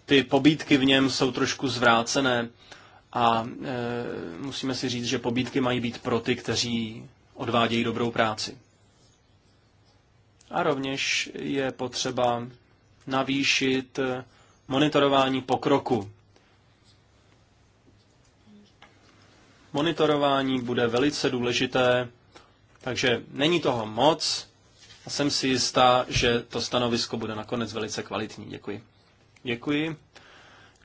ty pobídky v něm jsou trošku zvrácené a e, musíme si říct, že pobídky mají být pro ty, kteří odvádějí dobrou práci. A rovněž je potřeba navýšit monitorování pokroku. Monitorování bude velice důležité, takže není toho moc, a jsem si jistá, že to stanovisko bude nakonec velice kvalitní. Děkuji. Děkuji.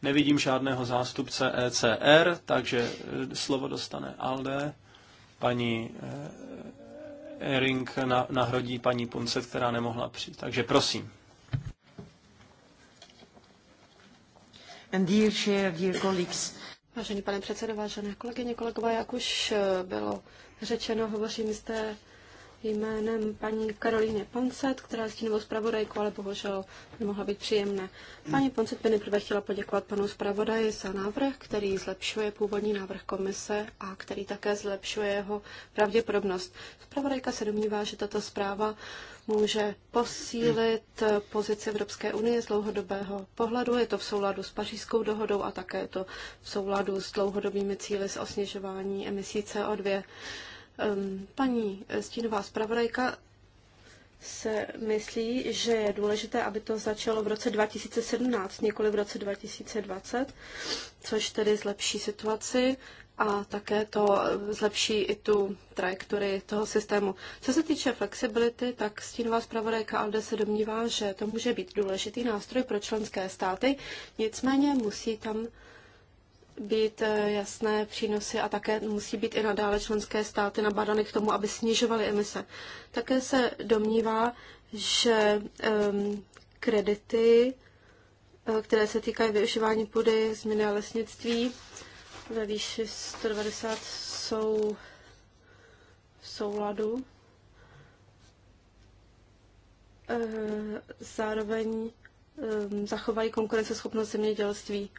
Nevidím žádného zástupce ECR, takže eh, slovo dostane Alde. Paní eh, Ering nahrodí paní Punce, která nemohla přijít. Takže prosím. dear chair, dear colleagues. Vážený pane předsedo, vážené kolegyně, kolegové, jak už eh, bylo řečeno, hovořím zde jménem paní Karolíny Poncet, která je stínovou zpravodajkou, ale bohužel nemohla být příjemné. Paní Poncet by nejprve chtěla poděkovat panu zpravodaji za návrh, který zlepšuje původní návrh komise a který také zlepšuje jeho pravděpodobnost. Zpravodajka se domnívá, že tato zpráva může posílit pozici Evropské unie z dlouhodobého pohledu. Je to v souladu s pařížskou dohodou a také je to v souladu s dlouhodobými cíly z osněžování emisí CO2. Ehm, paní stínová zpravodajka se myslí, že je důležité, aby to začalo v roce 2017, nikoli v roce 2020, což tedy zlepší situaci a také to zlepší i tu trajektorii toho systému. Co se týče flexibility, tak stínová zpravodajka Alde se domnívá, že to může být důležitý nástroj pro členské státy, nicméně musí tam být eh, jasné přínosy a také musí být i nadále členské státy nabádány k tomu, aby snižovaly emise. Také se domnívá, že um, kredity, eh, které se týkají využívání půdy, změny a lesnictví ve výši 190 jsou v souladu. Eh, zároveň ehm, zachovají konkurenceschopnost zemědělství.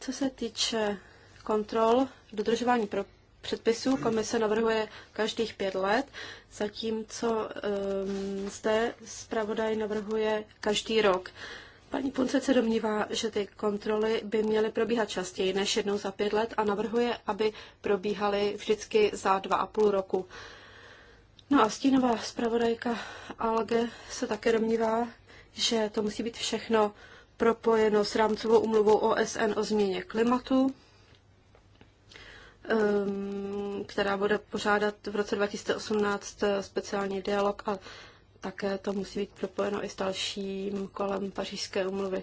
Co se týče kontrol dodržování pro předpisů, komise navrhuje každých pět let, zatímco um, zde zpravodaj navrhuje každý rok. Paní Punce se domnívá, že ty kontroly by měly probíhat častěji než jednou za pět let a navrhuje, aby probíhaly vždycky za dva a půl roku. No a stínová zpravodajka Alge se také domnívá, že to musí být všechno propojeno s rámcovou umluvou OSN o změně klimatu, která bude pořádat v roce 2018 speciální dialog a také to musí být propojeno i s dalším kolem pařížské umluvy,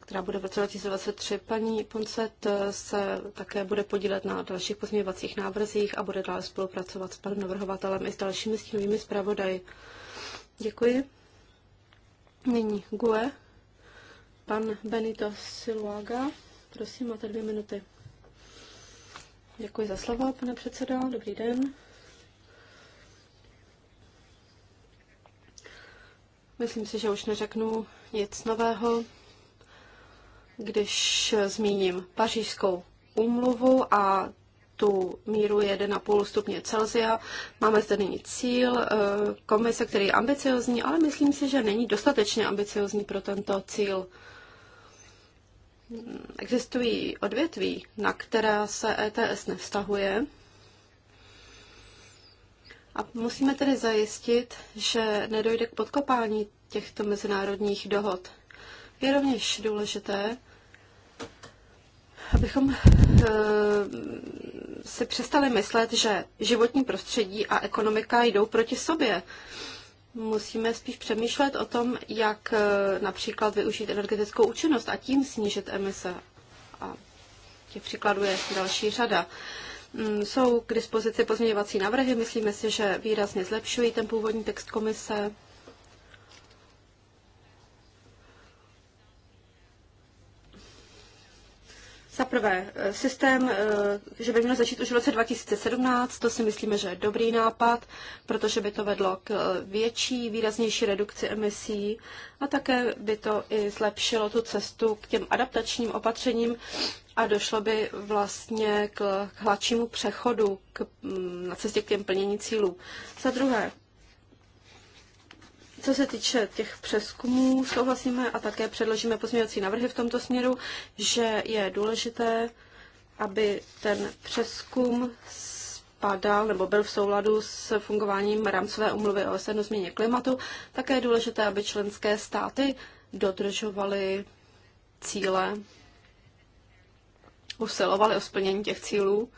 která bude v roce 2023. Paní Poncet eh, se také bude podílet na dalších pozměňovacích návrzích a bude dále spolupracovat s panem navrhovatelem i s dalšími stínovými zpravodaji. Děkuji. Nyní GUE. Pan Benito Siluaga, prosím, máte dvě minuty. Děkuji za slovo, pane předsedo. Dobrý den. Myslím si, že už neřeknu nic nového, když zmíním pařížskou úmluvu a tu míru 1,5 stupně Celsia. Máme zde nyní cíl eh, komise, který je ambiciozní, ale myslím si, že není dostatečně ambiciozní pro tento cíl. Existují odvětví, na která se ETS nevztahuje, a musíme tedy zajistit, že nedojde k podkopání těchto mezinárodních dohod. Je rovněž důležité, abychom eh, si přestali myslet, že životní prostředí a ekonomika jdou proti sobě. Musíme spíš přemýšlet o tom, jak eh, například využít energetickou účinnost a tím snížit emise. A těch příkladů je další řada. Mm, jsou k dispozici pozměňovací návrhy, myslíme si, že výrazně zlepšují ten původní text komise. Za prvé, eh, systém, eh, že by měl začít už v roce 2017, to si myslíme, že je dobrý nápad, protože by to vedlo k eh, větší, výraznější redukci emisí a také by to i zlepšilo tu cestu k těm adaptačním opatřením a došlo by vlastně k, hladšímu přechodu k, mm, na cestě k těm plnění cílů. Za druhé, co se týče těch přeskumů, souhlasíme a také předložíme pozměňovací návrhy v tomto směru, že je důležité, aby ten přeskum spadal nebo byl v souladu s fungováním rámcové umluvy o o změně klimatu. Také je důležité, aby členské státy dodržovaly cíle, usilovaly o splnění těch cílů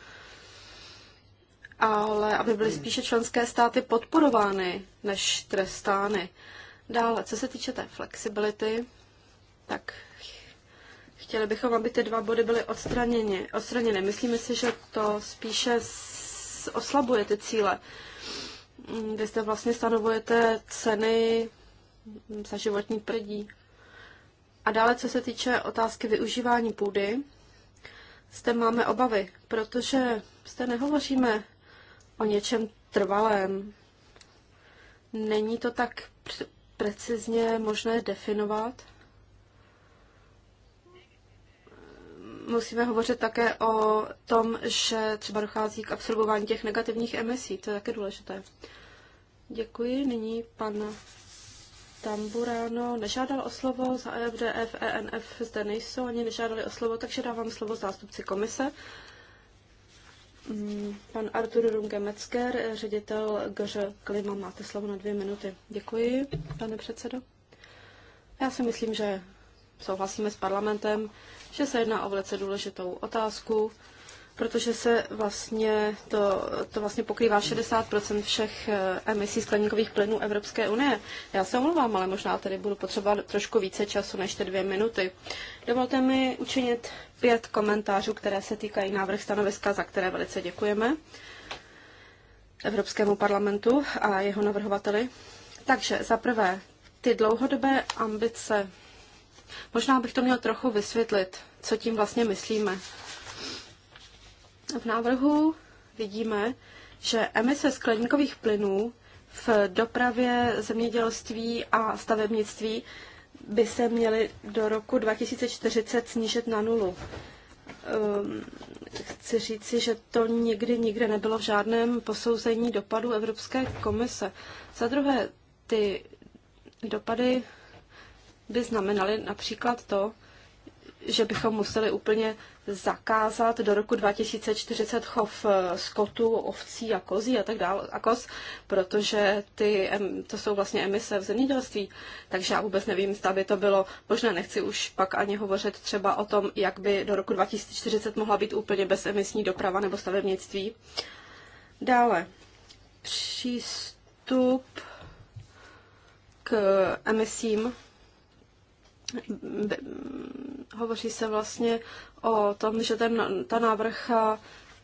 ale aby byly spíše členské státy podporovány než trestány. Dále, co se týče té flexibility, tak chtěli bychom, aby ty dva body byly odstraněny. odstraněny. Myslíme si, že to spíše oslabuje ty cíle. Mm, vy jste vlastně stanovujete ceny za životní prdí. A dále, co se týče otázky využívání půdy, zde máme obavy, protože zde nehovoříme o něčem trvalém. Není to tak precizně možné definovat? Musíme hovořit také o tom, že třeba dochází k absorbování těch negativních emisí. To je také důležité. Děkuji. Nyní pan Tamburano nežádal o slovo, za EFDF, e ENF zde nejsou, ani nežádali o slovo, takže dávám slovo zástupci komise. Mm, pan Artur Rungemecker, ředitel GŘ Klima. Máte slovo na dvě minuty. Děkuji, pane předsedo. Já si myslím, že souhlasíme s parlamentem, že se jedná o velice důležitou otázku, protože se vlastně to, to vlastně pokrývá 60 všech eh, emisí skleníkových plynů Evropské unie. Já se omlouvám, ale možná tady budu potřebovat trošku více času než ty dvě minuty. Dovolte mi učinit pět komentářů, které se týkají návrh stanoviska, za které velice děkujeme Evropskému parlamentu a jeho navrhovateli. Takže za prvé, ty dlouhodobé ambice. Možná bych to měl trochu vysvětlit, co tím vlastně myslíme v návrhu vidíme, že emise skleníkových plynů v dopravě, zemědělství a stavebnictví by se měly do roku 2040 snížit na nulu. Um, chci říci, že to nikdy nikde nebylo v žádném posouzení dopadu Evropské komise. Za druhé, ty dopady by znamenaly například to, že bychom museli úplně zakázat do roku 2040 chov eh, skotu, ovcí a kozí a tak dále, a koz, protože ty, to jsou vlastně emise v zemědělství, takže já vůbec nevím, zda by to bylo možné, nechci už pak ani hovořit třeba o tom, jak by do roku 2040 mohla být úplně bezemisní doprava nebo stavebnictví. Dále, přístup k emisím hovoří se vlastně o tom, že ten, ta návrh,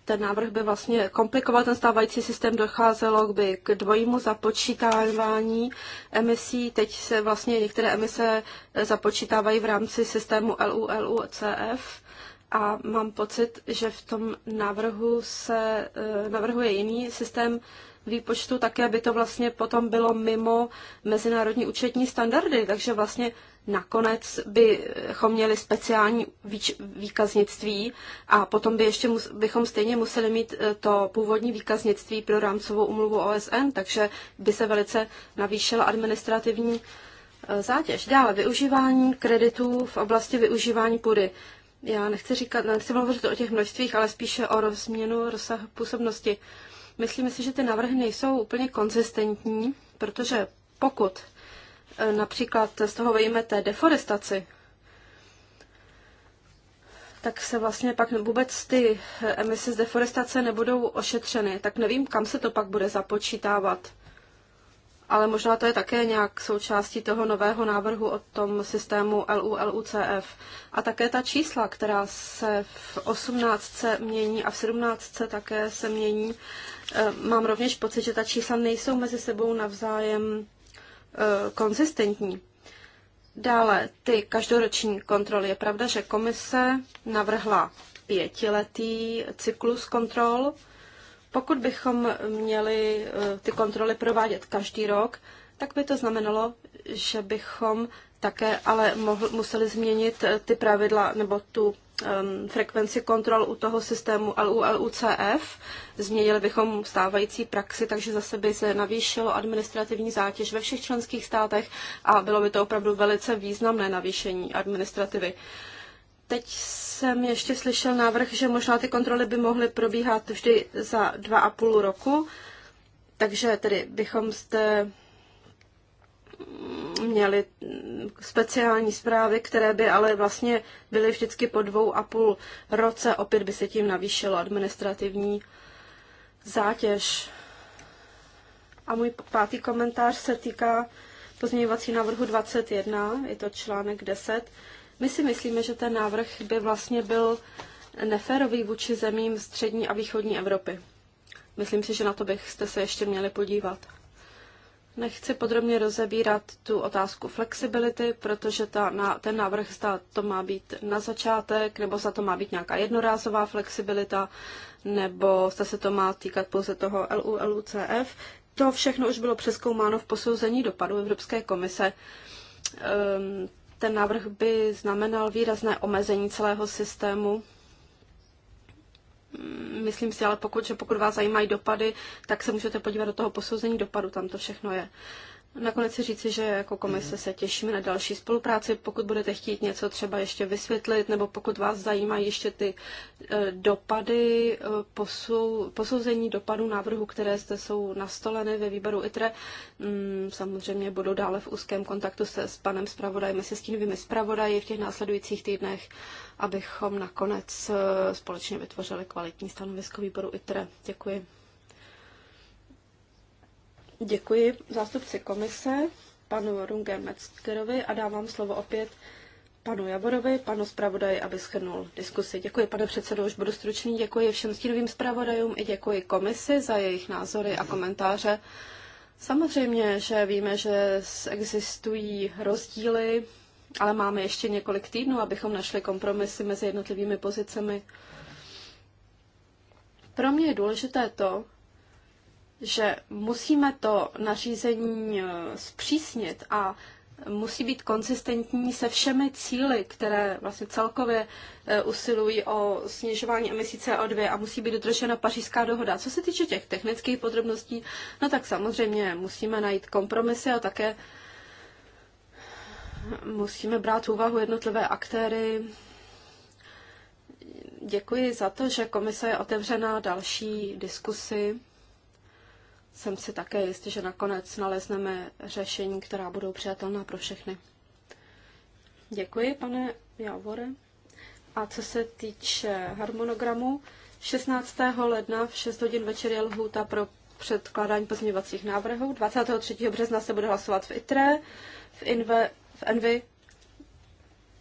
ten návrh by vlastně komplikoval ten stávající systém, docházelo by k dvojímu započítávání emisí. Teď se vlastně některé emise započítávají v rámci systému LULUCF a mám pocit, že v tom návrhu se eh, navrhuje jiný systém výpočtu, také by to vlastně potom bylo mimo mezinárodní účetní standardy, takže vlastně nakonec bychom měli speciální výkaznictví a potom by ještě mus, bychom stejně museli mít eh, to původní výkaznictví pro rámcovou umluvu OSN, takže by se velice navýšila administrativní eh, zátěž. Dále využívání kreditů v oblasti využívání půdy. Já nechci říkat, nechci mluvit o těch množstvích, ale spíše o rozměnu rozsahu působnosti. Uh, Myslím si, že ty návrhy nejsou úplně konzistentní, protože pokud eh, například z toho vejmete deforestaci, tak se vlastně pak vůbec ty emise z deforestace nebudou ošetřeny. Tak nevím, kam se to pak bude započítávat. Ale možná to je také nějak součástí toho nového návrhu o tom systému LULUCF. A také ta čísla, která se v 18. mění a v 17. také se mění, Eh, mám rovněž pocit, že ta čísla nejsou mezi sebou navzájem eh, konzistentní. Dále ty každoroční kontroly. Je pravda, že komise navrhla pětiletý cyklus kontrol. Pokud bychom měli eh, ty kontroly provádět každý rok, tak by to znamenalo, že bychom také ale mohl, museli změnit eh, ty pravidla nebo tu um, frekvenci kontrol u toho systému LU-LUCF. Změnili bychom stávající praxi, takže zase by se navýšilo administrativní zátěž ve všech členských státech a bylo by to opravdu velice významné navýšení administrativy. Teď jsem ještě slyšel návrh, že možná ty kontroly by mohly probíhat vždy za dva a půl roku, takže tedy bychom zde měli speciální zprávy, které by ale vlastně byly vždycky po dvou a půl roce. Opět by se tím navýšilo administrativní zátěž. A můj pátý komentář se týká pozměňovací návrhu 21, je to článek 10. My si myslíme, že ten návrh by vlastně byl neférový vůči zemím střední a východní Evropy. Myslím si, že na to byste se ještě měli podívat. Nechci podrobně rozebírat tu otázku flexibility, protože ta, na, ten návrh, zda to má být na začátek, nebo za to má být nějaká jednorázová flexibilita, nebo zda se to má týkat pouze toho LULUCF. To všechno už bylo přeskoumáno v posouzení dopadu Evropské komise. Ehm, ten návrh by znamenal výrazné omezení celého systému Myslím si ale, pokud, že pokud vás zajímají dopady, tak se můžete podívat do toho posouzení dopadu, tam to všechno je. Nakonec si říci, že jako komise mhm. se těšíme na další spolupráci. Pokud budete chtít něco třeba ještě vysvětlit, nebo pokud vás zajímají ještě ty e, dopady, e, posou, posouzení dopadů návrhu, které zde jsou nastoleny ve výboru ITRE, mm, samozřejmě budu dále v úzkém kontaktu se s panem zpravodajem, se stínovými zpravodaji v těch následujících týdnech abychom nakonec eh, společně vytvořili kvalitní stanovisko výboru ITRE. Děkuji. Děkuji zástupci komise, panu Runge Metzgerovi a dávám slovo opět panu Javorovi, panu zpravodaji, aby schrnul diskusi. Děkuji, pane předsedo, už budu stručný. Děkuji všem stínovým zpravodajům i děkuji komisi za jejich názory a komentáře. Samozřejmě, že víme, že existují rozdíly ale máme ještě několik týdnů, abychom našli kompromisy mezi jednotlivými pozicemi. Pro mě je důležité to, že musíme to nařízení eh, zpřísnit a musí být konzistentní se všemi cíly, které vlastně celkově eh, usilují o snižování emisí CO2 a musí být dodržena pařížská dohoda. Co se týče těch technických podrobností, no tak samozřejmě musíme najít kompromisy a také musíme brát úvahu jednotlivé aktéry. Děkuji za to, že komise je otevřená další diskusi. Jsem si také jistý, že nakonec nalezneme řešení, která budou přijatelná pro všechny. Děkuji, pane Javore. A co se týče harmonogramu, 16. ledna v 6 hodin večer je lhůta pro předkládání pozměňovacích návrhů. 23. března se bude hlasovat v ITRE, v INVE v Envy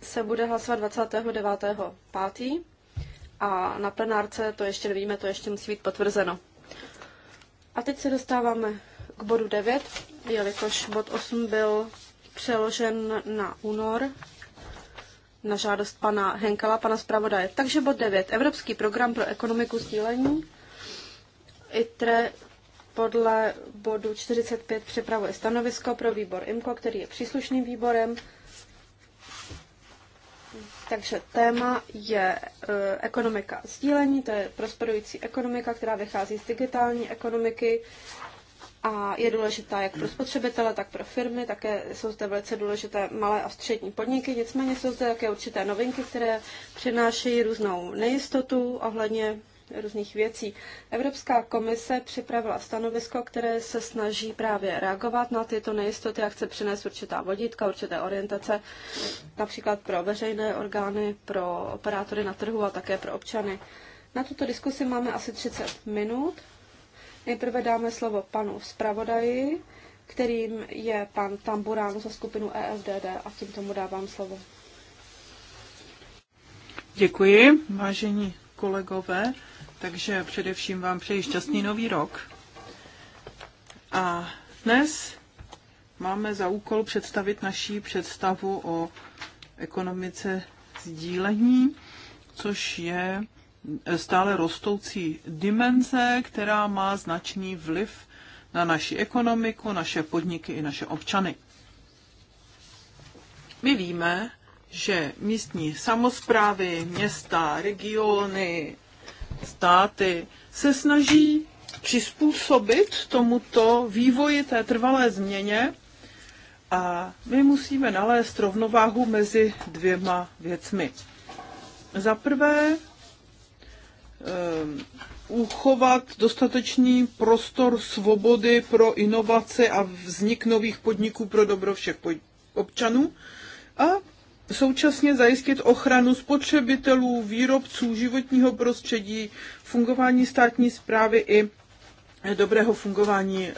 se bude hlasovat 29.5. a na plenárce to ještě nevíme, to ještě musí být potvrzeno. A teď se dostáváme k bodu 9, jelikož bod 8 byl přeložen na únor na žádost pana Henkela, pana zpravodaje. Takže bod 9. Evropský program pro ekonomiku sdílení. ITRE podle bodu 45 připravuje stanovisko pro výbor IMCO, který je příslušným výborem. Takže téma je e, ekonomika sdílení, to je prosperující ekonomika, která vychází z digitální ekonomiky a je důležitá jak pro spotřebitele, tak pro firmy, také jsou zde velice důležité malé a střední podniky, nicméně jsou zde také určité novinky, které přinášejí různou nejistotu ohledně různých věcí. Evropská komise připravila stanovisko, které se snaží právě reagovat na tyto nejistoty a chce přinést určitá vodítka, určité orientace, například pro veřejné orgány, pro operátory na trhu a také pro občany. Na tuto diskusi máme asi 30 minut. Nejprve dáme slovo panu zpravodaji, kterým je pan Tamburán za skupinu ESDD a tím tomu dávám slovo. Děkuji, vážení kolegové, takže především vám přeji šťastný nový rok. A dnes máme za úkol představit naší představu o ekonomice sdílení, což je eh, stále rostoucí dimenze, která má značný vliv na naši ekonomiku, naše podniky i naše občany. My víme, že místní samozprávy, města, regiony, státy se snaží přizpůsobit tomuto vývoji té trvalé změně a my musíme nalézt rovnováhu mezi dvěma věcmi. Za prvé, um, uchovat dostatečný prostor svobody pro inovace a vznik nových podniků pro dobro všech občanů. A současně zajistit ochranu spotřebitelů, výrobců, životního prostředí, fungování státní zprávy i dobrého fungování e,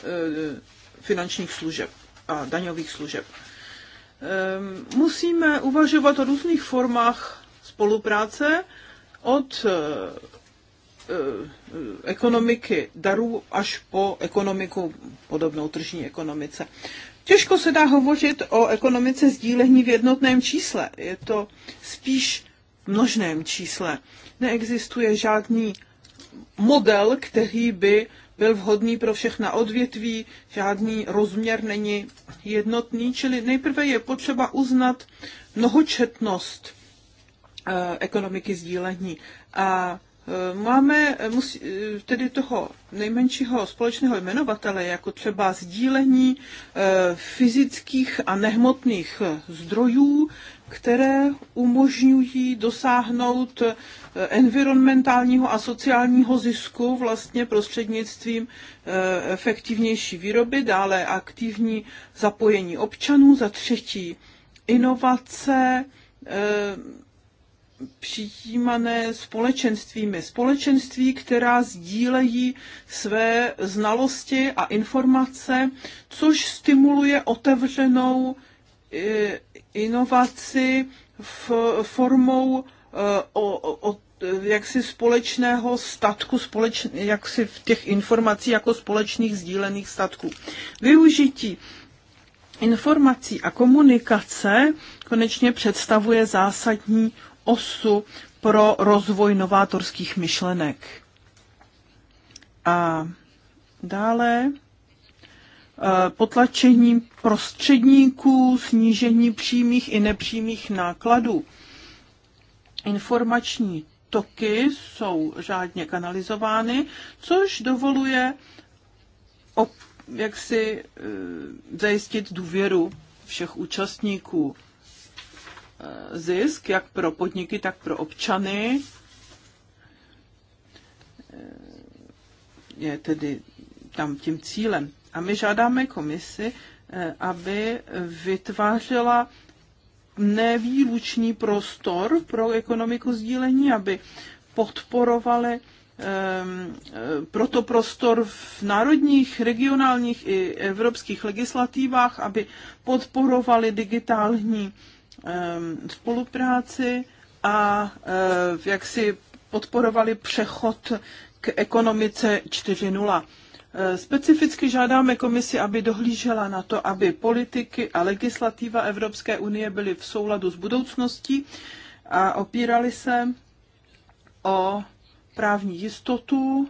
finančních služeb a daňových služeb. Ehm, musíme uvažovat o různých formách spolupráce od e, e, ekonomiky darů až po ekonomiku podobnou tržní ekonomice. Těžko se dá hovořit o ekonomice sdílení v jednotném čísle. Je to spíš v množném čísle. Neexistuje žádný model, který by byl vhodný pro všechna odvětví, žádný rozměr není jednotný, čili nejprve je potřeba uznat mnohočetnost eh, ekonomiky sdílení. A Máme tedy toho nejmenšího společného jmenovatele, jako třeba sdílení eh, fyzických a nehmotných zdrojů, které umožňují dosáhnout eh, environmentálního a sociálního zisku vlastně prostřednictvím eh, efektivnější výroby, dále aktivní zapojení občanů, za třetí inovace, přijímané společenstvími. Společenství, která sdílejí své znalosti a informace, což stimuluje otevřenou eh, inovaci v formou eh, o, o, jaksi společného statku, společ, jaksi v těch informací jako společných sdílených statků. Využití informací a komunikace konečně představuje zásadní osu pro rozvoj novátorských myšlenek. A dále eh, potlačení prostředníků, snížení přímých i nepřímých nákladů. Informační toky jsou řádně kanalizovány, což dovoluje jak si eh, zajistit důvěru všech účastníků zisk, jak pro podniky, tak pro občany. Je tedy tam tím cílem. A my žádáme komisi, eh, aby vytvářela nevýlučný prostor pro ekonomiku sdílení, aby podporovali ehm, eh, proto prostor v národních, regionálních i evropských legislativách, aby podporovali digitální Ehm, spolupráci a eh, jak si podporovali přechod k ekonomice 4.0. Eh, specificky žádáme komisi, aby dohlížela na to, aby politiky a legislativa Evropské unie byly v souladu s budoucností a opírali se o právní jistotu,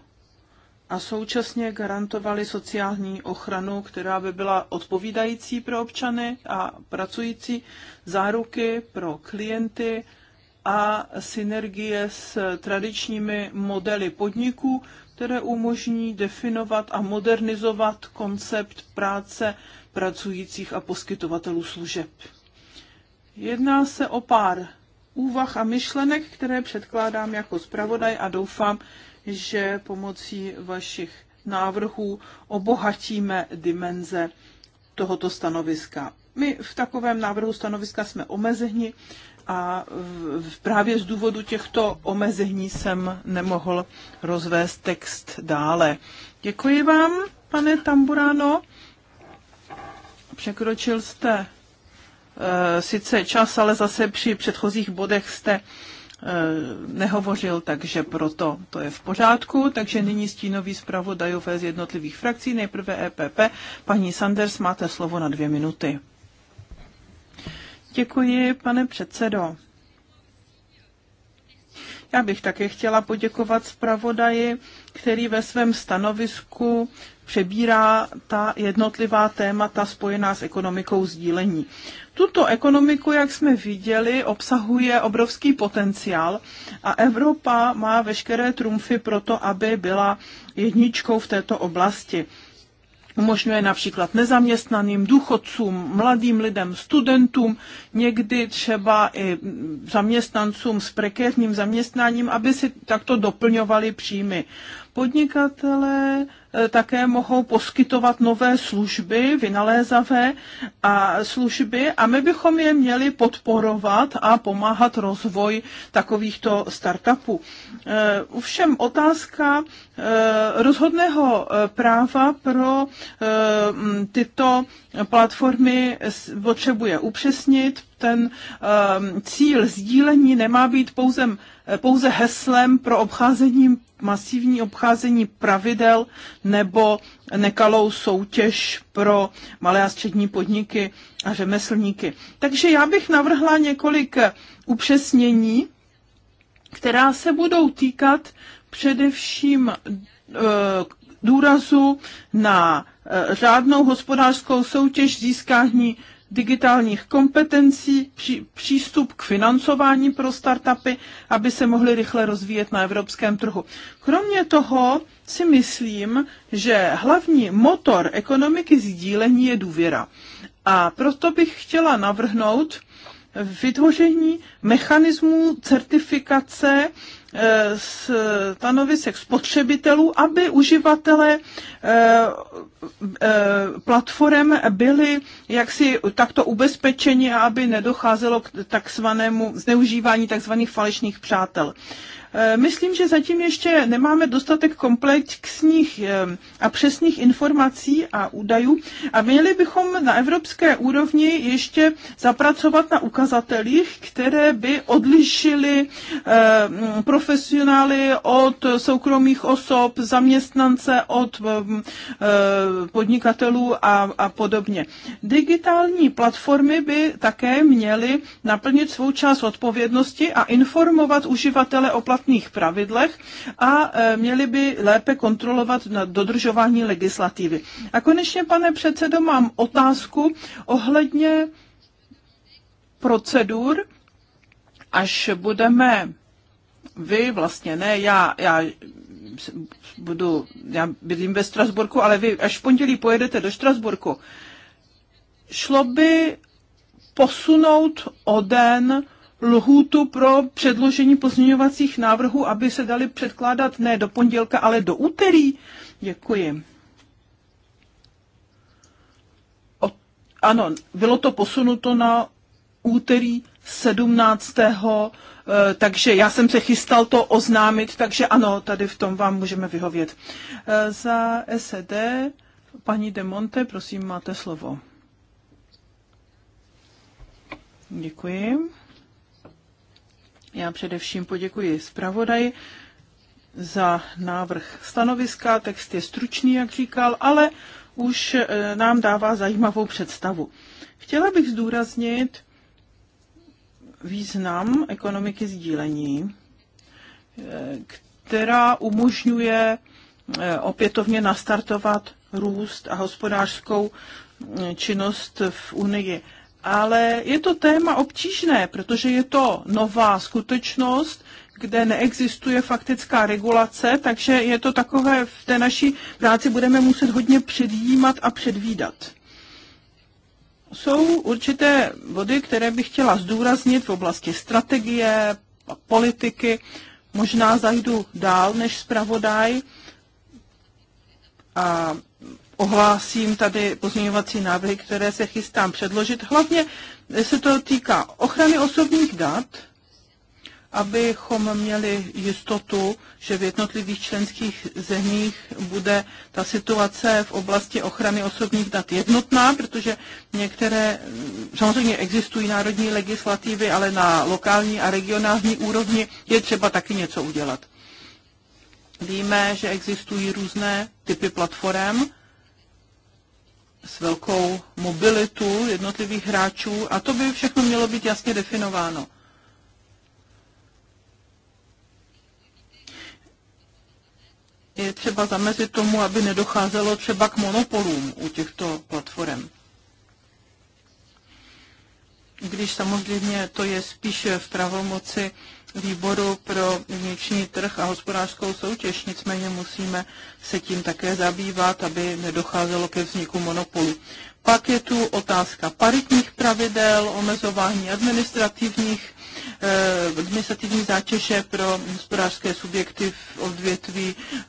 a současně garantovali sociální ochranu, která by byla odpovídající pro občany a pracující, záruky pro klienty a synergie s tradičními modely podniků, které umožní definovat a modernizovat koncept práce pracujících a poskytovatelů služeb. Jedná se o pár úvah a myšlenek, které předkládám jako zpravodaj a doufám, že pomocí vašich návrhů obohatíme dimenze tohoto stanoviska. My v takovém návrhu stanoviska jsme omezeni a právě z důvodu těchto omezení jsem nemohl rozvést text dále. Děkuji vám, pane Tamburano. Překročil jste eh, sice čas, ale zase při předchozích bodech jste Eh, nehovořil, takže proto to je v pořádku. Takže nyní stínový zpravodajové z jednotlivých frakcí, nejprve EPP. Paní Sanders, máte slovo na dvě minuty. Děkuji, pane předsedo. Já bych také chtěla poděkovat zpravodaji který ve svém stanovisku přebírá ta jednotlivá témata spojená s ekonomikou sdílení. Tuto ekonomiku, jak jsme viděli, obsahuje obrovský potenciál a Evropa má veškeré trumfy pro to, aby byla jedničkou v této oblasti umožňuje například nezaměstnaným důchodcům, mladým lidem, studentům, někdy třeba i zaměstnancům s prekérním zaměstnáním, aby si takto doplňovali příjmy. Podnikatelé eh, také mohou poskytovat nové služby, vynalézavé a služby a my bychom je měli podporovat a pomáhat rozvoj takovýchto startupů. Eh, ovšem otázka Eh, rozhodného eh, práva pro eh, tyto platformy potřebuje upřesnit. Ten cíl sdílení nemá být pouze, pouze heslem pro obcházení, masivní obcházení pravidel nebo nekalou soutěž pro malé a střední podniky a řemeslníky. Takže já bych navrhla několik upřesnění, která se budou týkat především eh, důrazu na eh, řádnou hospodářskou soutěž získání digitálních kompetencí, při, přístup k financování pro startupy, aby se mohly rychle rozvíjet na evropském trhu. Kromě toho si myslím, že hlavní motor ekonomiky sdílení je důvěra. A proto bych chtěla navrhnout vytvoření mechanismů certifikace Eh, stanovisek spotřebitelů, aby uživatelé eh, eh, platform byli jaksi takto ubezpečeni a aby nedocházelo k takzvanému zneužívání takzvaných falešných přátel. Eh, myslím, že zatím ještě nemáme dostatek komplexních eh, a přesných informací a údajů a měli bychom na evropské úrovni ještě zapracovat na ukazatelích, které by odlišily eh, profesionály od soukromých osob, zaměstnance od podnikatelů a, a podobně. Digitální platformy by také měly naplnit svou část odpovědnosti a informovat uživatele o platformě platných pravidlech a e, měli by lépe kontrolovat na dodržování legislativy. A konečně, pane předsedo, mám otázku ohledně procedur, až budeme vy vlastně, ne já, já budu, já bydlím ve Strasburku, ale vy až v pondělí pojedete do Strasburku, šlo by posunout o den lhůtu pro předložení pozměňovacích návrhů, aby se dali předkládat ne do pondělka, ale do úterý? Děkuji. O, ano, bylo to posunuto na úterý 17. Eh, takže já jsem se chystal to oznámit, takže ano, tady v tom vám můžeme vyhovět. Eh, za SED, paní De Monte, prosím, máte slovo. Děkuji. Já především poděkuji zpravodaji za návrh stanoviska. Text je stručný, jak říkal, ale už e, nám dává zajímavou představu. Chtěla bych zdůraznit význam ekonomiky sdílení, e, která umožňuje e, opětovně nastartovat růst a hospodářskou činnost v Unii ale je to téma obtížné, protože je to nová skutečnost, kde neexistuje faktická regulace, takže je to takové, v té naší práci budeme muset hodně předjímat a předvídat. Jsou určité body, které bych chtěla zdůraznit v oblasti strategie a politiky. Možná zajdu dál než zpravodaj a ohlásím tady pozměňovací návrhy, které se chystám předložit. Hlavně se to týká ochrany osobních dat, abychom měli jistotu, že v jednotlivých členských zemích bude ta situace v oblasti ochrany osobních dat jednotná, protože některé, samozřejmě existují národní legislativy, ale na lokální a regionální úrovni je třeba taky něco udělat. Víme, že existují různé typy platform, s velkou mobilitu jednotlivých hráčů a to by všechno mělo být jasně definováno. Je třeba zamezit tomu, aby nedocházelo třeba k monopolům u těchto platform. Když samozřejmě to je spíše v pravomoci výboru pro vnitřní trh a hospodářskou soutěž, nicméně musíme se tím také zabývat, aby nedocházelo ke vzniku monopolu. Pak je tu otázka paritních pravidel, omezování administrativních eh, administrativní zátěže pro hospodářské subjekty v odvětví eh,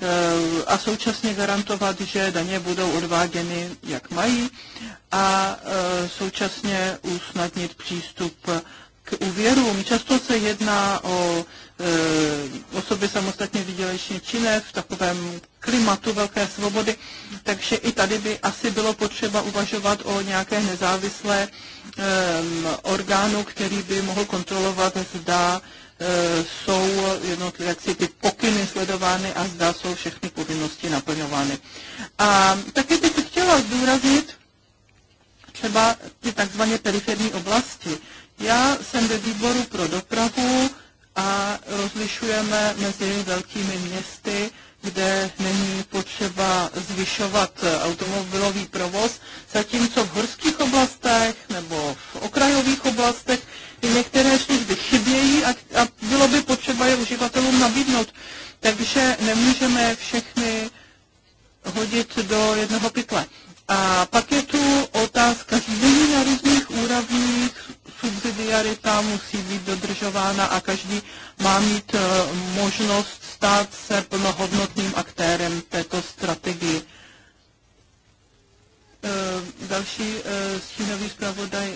a současně garantovat, že daně budou odváděny, jak mají, a eh, současně usnadnit přístup úvěrům. Často se jedná o e, osoby samostatně výdělečně činné v takovém klimatu velké svobody, takže i tady by asi bylo potřeba uvažovat o nějaké nezávislé e, orgánu, který by mohl kontrolovat, zda e, jsou jednotlivé, ty pokyny sledovány a zda jsou všechny povinnosti naplňovány. A taky bych chtěla zdůraznit, třeba ty takzvané periferní oblasti. Já jsem ve výboru pro dopravu a rozlišujeme mezi velkými městy, kde není potřeba zvyšovat automobilový provoz, zatímco v horských oblastech nebo v okrajových oblastech některé služby chybějí a, a bylo by potřeba je uživatelům nabídnout. Takže nemůžeme všechny hodit do jednoho pytle. A pak je tu otázka řízení na různých úrovních, subsidiarita musí být dodržována a každý má mít e, možnost stát se plnohodnotným aktérem této strategii. E, další e, stínový zpravodaj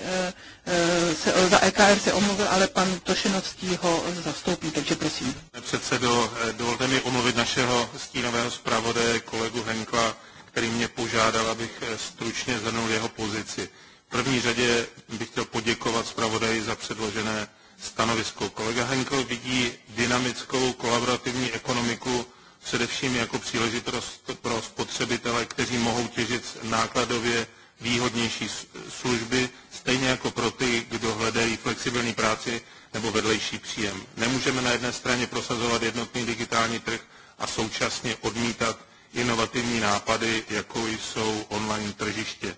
se, za EKR se omluvil, ale pan Tošinovský ho zastoupí, takže prosím. Předsedo, dovolte mi omluvit našeho stínového zpravodaje kolegu Henkla, který mě požádal, abych eh, stručně zhrnul jeho pozici. V první řadě bych chtěl poděkovat zpravodaji za předložené stanovisko. Kolega Henkel vidí dynamickou kolaborativní ekonomiku především jako příležitost pro spotřebitele, kteří mohou těžit nákladově výhodnější služby, stejně jako pro ty, kdo hledají flexibilní práci nebo vedlejší příjem. Nemůžeme na jedné straně prosazovat jednotný digitální trh a současně odmítat inovativní nápady, jako jsou online tržiště.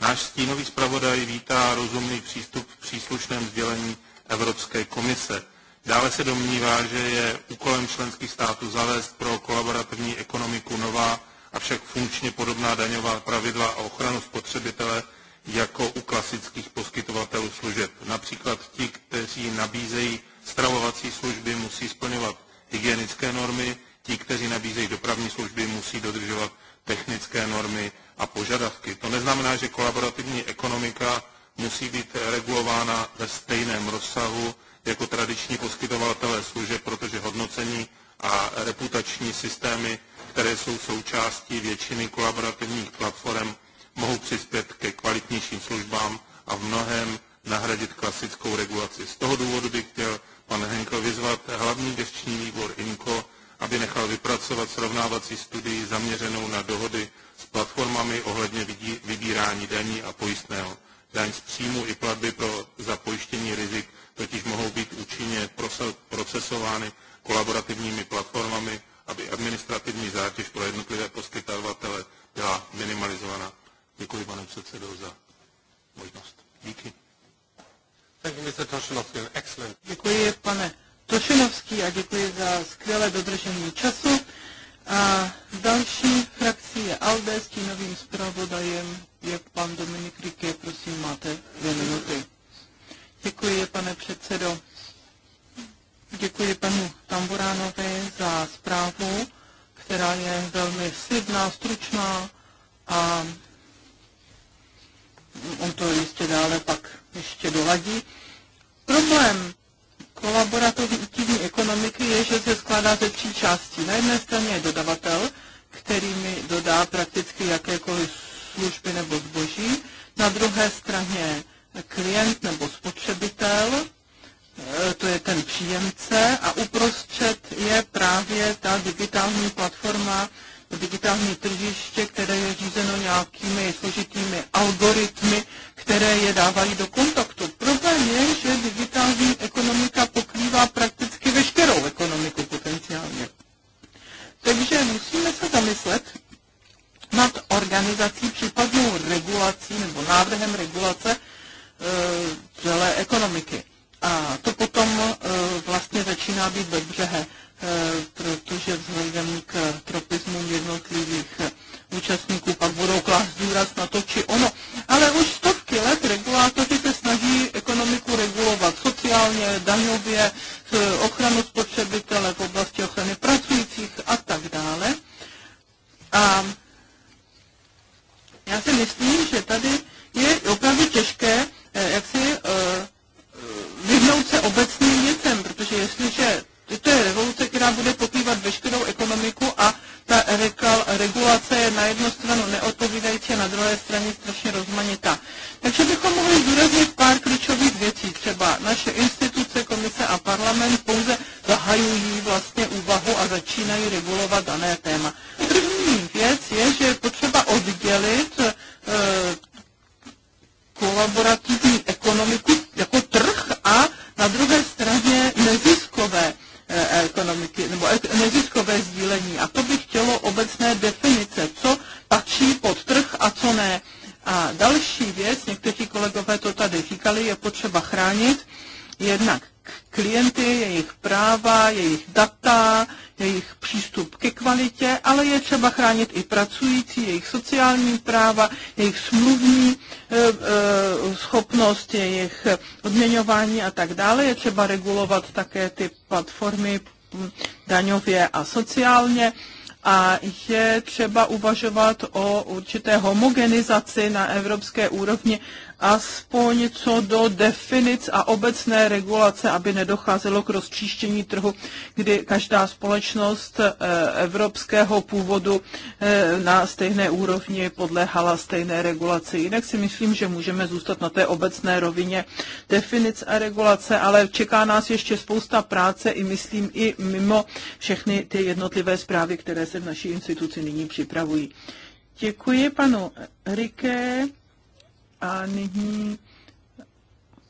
Náš stínový zpravodaj vítá rozumný přístup v příslušném sdělení Evropské komise. Dále se domnívá, že je úkolem členských států zavést pro kolaborativní ekonomiku nová, a však funkčně podobná daňová pravidla a ochranu spotřebitele jako u klasických poskytovatelů služeb. Například ti, kteří nabízejí stravovací služby, musí splňovat hygienické normy, Ti, kteří nabízejí dopravní služby, musí dodržovat technické normy a požadavky. To neznamená, že kolaborativní ekonomika musí být regulována ve stejném rozsahu jako tradiční poskytovatelé služeb, protože hodnocení a reputační systémy, které jsou součástí většiny kolaborativních platform, mohou přispět ke kvalitnějším službám a v mnohem nahradit klasickou regulaci. Z toho důvodu bych chtěl pan Henkel vyzvat hlavní gestční výbor INCO, aby nechal vypracovat srovnávací studii zaměřenou na dohody s platformami ohledně vybírání daní a pojistného. Daň z příjmu i platby pro zapojištění rizik totiž mohou být účinně procesovány kolaborativními platformami, aby administrativní zátěž pro jednotlivé poskytovatele byla minimalizována. Děkuji, pane předsedo, za možnost. Díky. Děkuji, pane Tošinovský a děkuji za skvělé dodržení času. A další frakcí je ALDE, s tím novým zpravodajem je pan Dominik Rike. Prosím, máte dvě minuty. Děkuji, pane předsedo. Děkuji panu Tamburánovi za zprávu, která je velmi slibná, stručná a on to jistě dále pak ještě doladí. Problém kolaborativní ekonomiky je, že se skládá ze tří částí. Na jedné straně je dodavatel, který mi dodá prakticky jakékoliv služby nebo zboží. Na druhé straně klient nebo spotřebitel, eh, to je ten příjemce a uprostřed je právě ta digitální platforma, digitální tržiště, které je řízeno nějakými složitými algoritmy, které je dávají do kontaktu. Problém je, že digitální ekonomika pokrývá prakticky veškerou ekonomiku potenciálně. Takže musíme se zamyslet nad organizací, případnou regulací nebo návrhem regulace e, celé ekonomiky. A to potom e, vlastně začíná být břehe. Eh, protože vzhledem k tropismu jednotlivých eh, účastníků pak budou klást důraz na to či ono. Ale už stovky let regulátoři se snaží ekonomiku regulovat sociálně, daňově, eh, ochranu spotřebitele v oblasti ochrany pracujících a tak dále. A já si myslím, že tady je opravdu těžké, jak si vyhnout se obecným věcem, protože jestliže bude pokrývat veškerou ekonomiku a ta rekal, regulace je na jednu stranu neodpovídající a na druhé straně strašně rozmanitá. Takže bychom mohli zdůraznit pár klíčových věcí. Třeba naše instituce, komise a parlament pouze zahajují vlastně úvahu a začínají regulovat dané téma. První věc je, že je potřeba oddělit e, kolaborativní ekonomiku jako trh a na druhé ekonomiky nebo neziskové sdílení. A to by chtělo obecné definice, co patří pod trh a co ne. A další věc, někteří kolegové to tady říkali, je potřeba chránit jednak klienty, jejich práva, jejich data, jejich přístup ke kvalitě, ale je třeba chránit i pracující, jejich sociální práva, jejich smluvní e, e, schopnost, jejich odměňování a tak dále. Je třeba regulovat také ty platformy daňově a sociálně a je třeba uvažovat o určité homogenizaci na evropské úrovni aspoň co do definic a obecné regulace, aby nedocházelo k rozčíštění trhu, kdy každá společnost eh, evropského původu eh, na stejné úrovni podléhala stejné regulaci. Jinak si myslím, že můžeme zůstat na té obecné rovině definic a regulace, ale čeká nás ještě spousta práce i myslím i mimo všechny ty jednotlivé zprávy, které se v naší instituci nyní připravují. Děkuji panu Rike. A nyní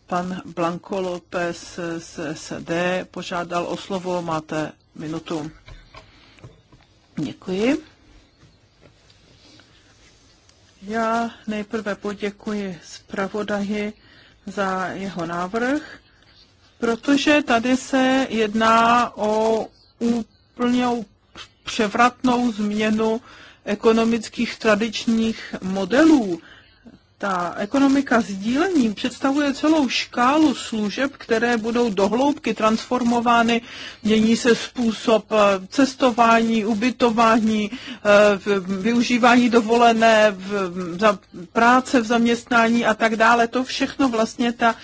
pan Blanco López z SD požádal o slovo, máte minutu. Děkuji. Já nejprve poděkuji zpravodaji za jeho návrh, protože tady se jedná o úplně převratnou změnu ekonomických tradičních modelů ta ekonomika sdílení představuje celou škálu služeb, které budou dohloubky transformovány. Mění se způsob eh, cestování, ubytování, eh, využívání dovolené, práce v zaměstnání a tak dále. To všechno vlastně ta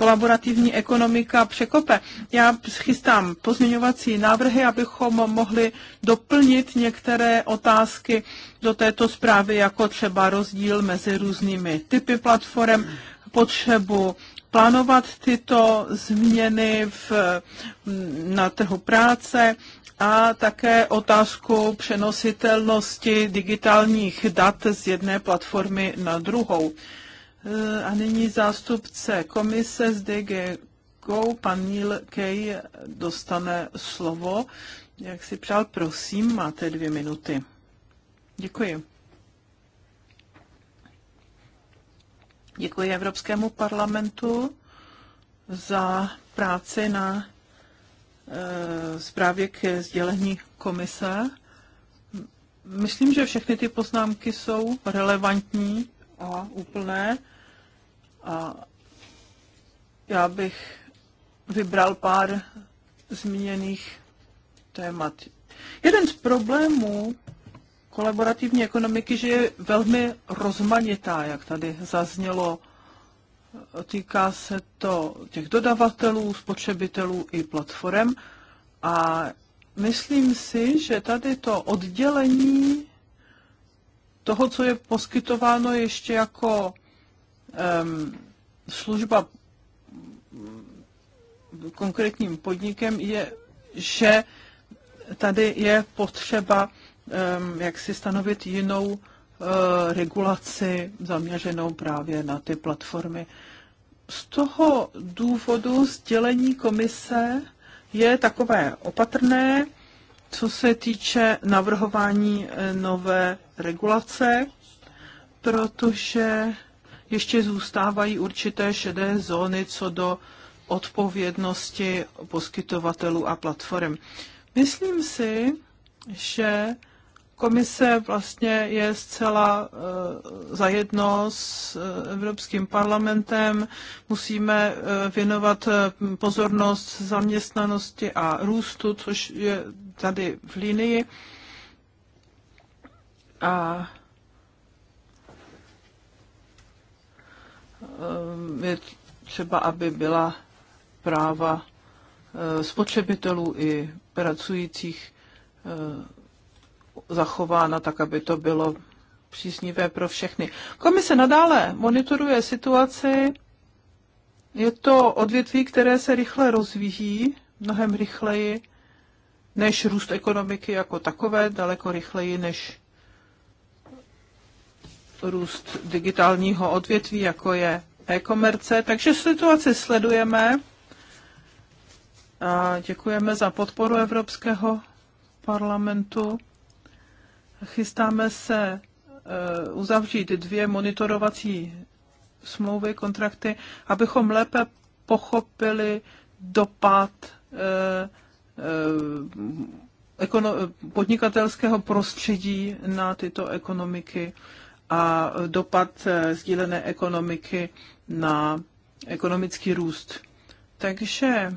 kolaborativní ekonomika překope. Já chystám pozměňovací návrhy, abychom mohli doplnit některé otázky do této zprávy, jako třeba rozdíl mezi různými typy platform, potřebu plánovat tyto změny v, na trhu práce a také otázku přenositelnosti digitálních dat z jedné platformy na druhou. Eh, a nyní zástupce komise z DG Go, pan Neil Kay, dostane slovo. Jak si přál, prosím, máte dvě minuty. Děkuji. Děkuji Evropskému parlamentu za práci na e, zprávě k sdělení komise. Myslím, že všechny ty poznámky jsou relevantní a úplné. A já bych vybral pár zmíněných témat. Jeden z problémů kolaborativní ekonomiky, že je velmi rozmanitá, jak tady zaznělo. Týká se to těch dodavatelů, spotřebitelů i platform. A myslím si, že tady to oddělení toho, co je poskytováno ještě jako um, služba konkrétním podnikem, je, že tady je potřeba um, jak si stanovit jinou uh, regulaci zaměřenou právě na ty platformy. Z toho důvodu sdělení komise je takové opatrné, co se týče navrhování eh, nové regulace, protože ještě zůstávají určité šedé zóny co do odpovědnosti poskytovatelů a platform. Myslím si, že komise vlastně je zcela uh, eh, zajedno s eh, Evropským parlamentem. Musíme věnovat pozornost zaměstnanosti a růstu, což je tady v linii. A eh, je třeba, aby byla práva eh, spotřebitelů i pracujících eh, zachována tak, aby to bylo příznivé pro všechny. Komise nadále monitoruje situaci. Je to odvětví, které se rychle rozvíjí, mnohem rychleji než růst ekonomiky jako takové, daleko rychleji než růst digitálního odvětví, jako je e-komerce. Takže situaci sledujeme a děkujeme za podporu Evropského parlamentu. Chystáme se eh, uzavřít dvě monitorovací smlouvy, kontrakty, abychom lépe pochopili dopad eh, Eh, podnikatelského prostředí na tyto ekonomiky a dopad eh, sdílené ekonomiky na ekonomický růst. Takže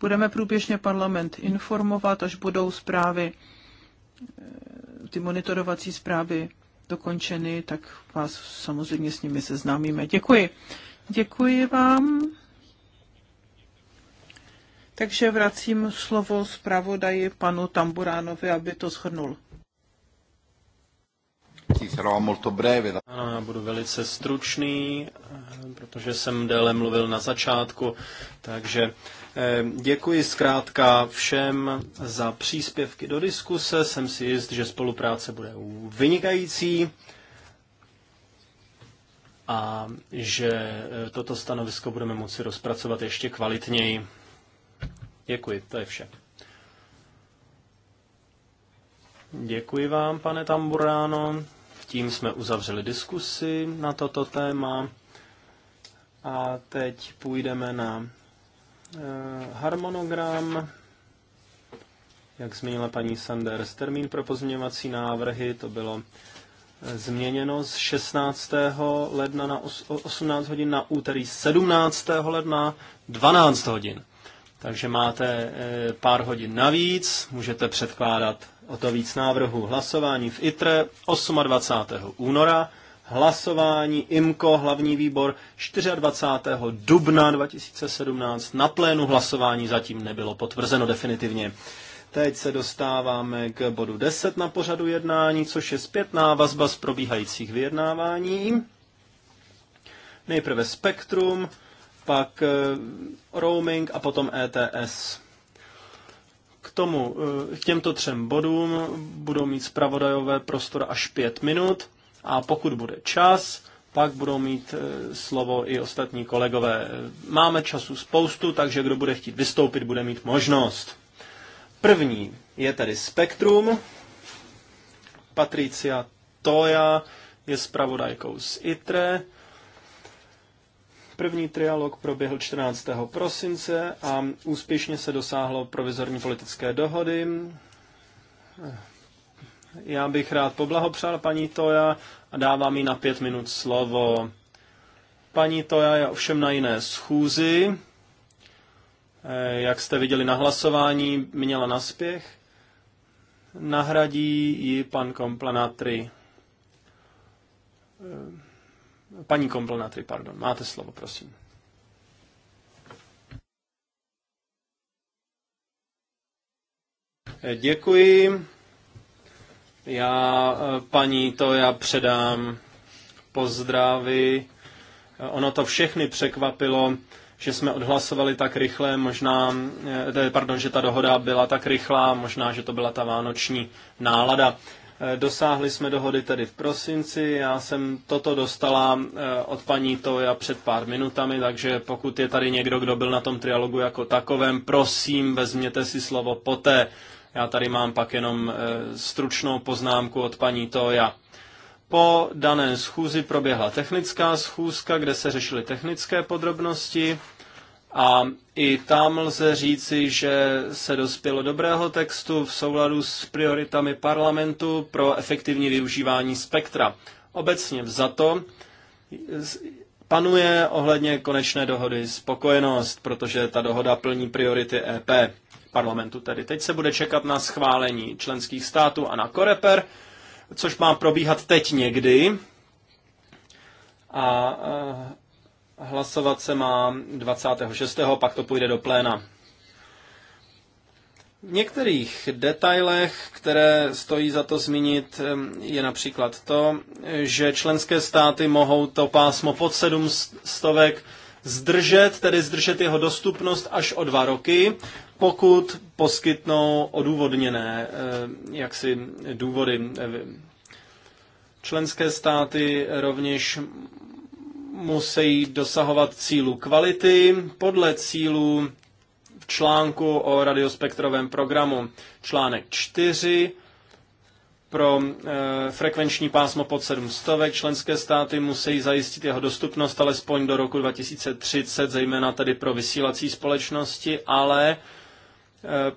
budeme průběžně parlament informovat, až budou zprávy, eh, ty monitorovací zprávy dokončeny, tak vás samozřejmě s nimi seznámíme. Děkuji. Děkuji vám takže vracím slovo zpravodaji panu Tamburánovi, aby to shrnul. Ano, já budu velice stručný, eh, protože jsem déle mluvil na začátku, takže eh, děkuji zkrátka všem za příspěvky do diskuse, jsem si jist, že spolupráce bude vynikající a že eh, toto stanovisko budeme moci rozpracovat ještě kvalitněji. Děkuji, to je vše. Děkuji vám, pane Tamburáno. Tím jsme uzavřeli diskusi na toto téma. A teď půjdeme na eh, harmonogram. Jak zmínila paní Sanders, termín pro pozměňovací návrhy, to bylo eh, změněno z 16. ledna na 18 hodin na úterý 17. ledna 12 hodin. Takže máte eh, pár hodin navíc, můžete předkládat o to víc návrhu Hlasování v ITRE 28. února, hlasování IMKO, hlavní výbor 24. dubna 2017. Na plénu hlasování zatím nebylo potvrzeno definitivně. Teď se dostáváme k bodu 10 na pořadu jednání, což je zpětná vazba z probíhajících vyjednávání. Nejprve Spektrum, pak eh, roaming a potom ETS. K tomu, eh, k těmto třem bodům budou mít zpravodajové prostor až pět minut a pokud bude čas, pak budou mít eh, slovo i ostatní kolegové. Máme času spoustu, takže kdo bude chtít vystoupit, bude mít možnost. První je tedy Spektrum. Patricia Toja je zpravodajkou z ITRE První trialog proběhl 14. prosince a úspěšně se dosáhlo provizorní politické dohody. Já bych rád poblahopřál paní Toja a dávám jí na pět minut slovo. Paní Toja je ovšem na jiné schůzi. Eh, jak jste viděli na hlasování, měla naspěch. Nahradí ji pan Komplanatry. Eh, Paní Komplnatry, pardon, máte slovo, prosím. Eh, děkuji. Já eh, paní to já předám pozdravy. Eh, ono to všechny překvapilo, že jsme odhlasovali tak rychle, možná, pardon, že ta dohoda byla tak rychlá, možná, že to byla ta vánoční nálada. Eh, dosáhli jsme dohody tedy v prosinci. Já jsem toto dostala eh, od paní Toja před pár minutami, takže pokud je tady někdo, kdo byl na tom trialogu jako takovém, prosím, vezměte si slovo poté. Já tady mám pak jenom eh, stručnou poznámku od paní Toja. Po dané schůzi proběhla technická schůzka, kde se řešily technické podrobnosti a i tam lze říci, že se dospělo dobrého textu v souladu s prioritami parlamentu pro efektivní využívání spektra. Obecně vzato panuje ohledně konečné dohody spokojenost, protože ta dohoda plní priority EP parlamentu. Tedy teď se bude čekat na schválení členských států a na Koreper, což má probíhat teď někdy. A Hlasovat se má 26. pak to půjde do pléna. V některých detailech, které stojí za to zmínit, je například to, že členské státy mohou to pásmo pod 7 stovek zdržet, tedy zdržet jeho dostupnost až o dva roky, pokud poskytnou odůvodněné eh, jaksi důvody. Členské státy rovněž musí dosahovat cílu kvality podle cílu v článku o radiospektrovém programu. Článek 4 pro e, frekvenční pásmo pod 700 členské státy musí zajistit jeho dostupnost alespoň do roku 2030, zejména tedy pro vysílací společnosti, ale e,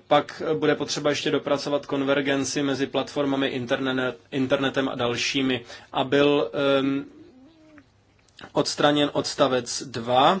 pak bude potřeba ještě dopracovat konvergenci mezi platformami internet, internetem a dalšími. A byl e, odstraněn odstavec 2 eh,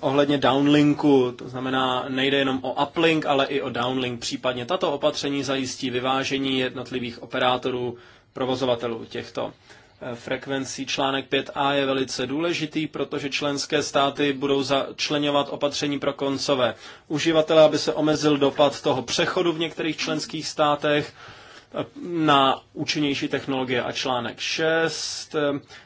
ohledně downlinku, to znamená nejde jenom o uplink, ale i o downlink. Případně tato opatření zajistí vyvážení jednotlivých operátorů, provozovatelů těchto eh, frekvencí. Článek 5a je velice důležitý, protože členské státy budou začlenovat opatření pro koncové uživatele, aby se omezil dopad toho přechodu v některých členských státech na účinnější technologie a článek 6,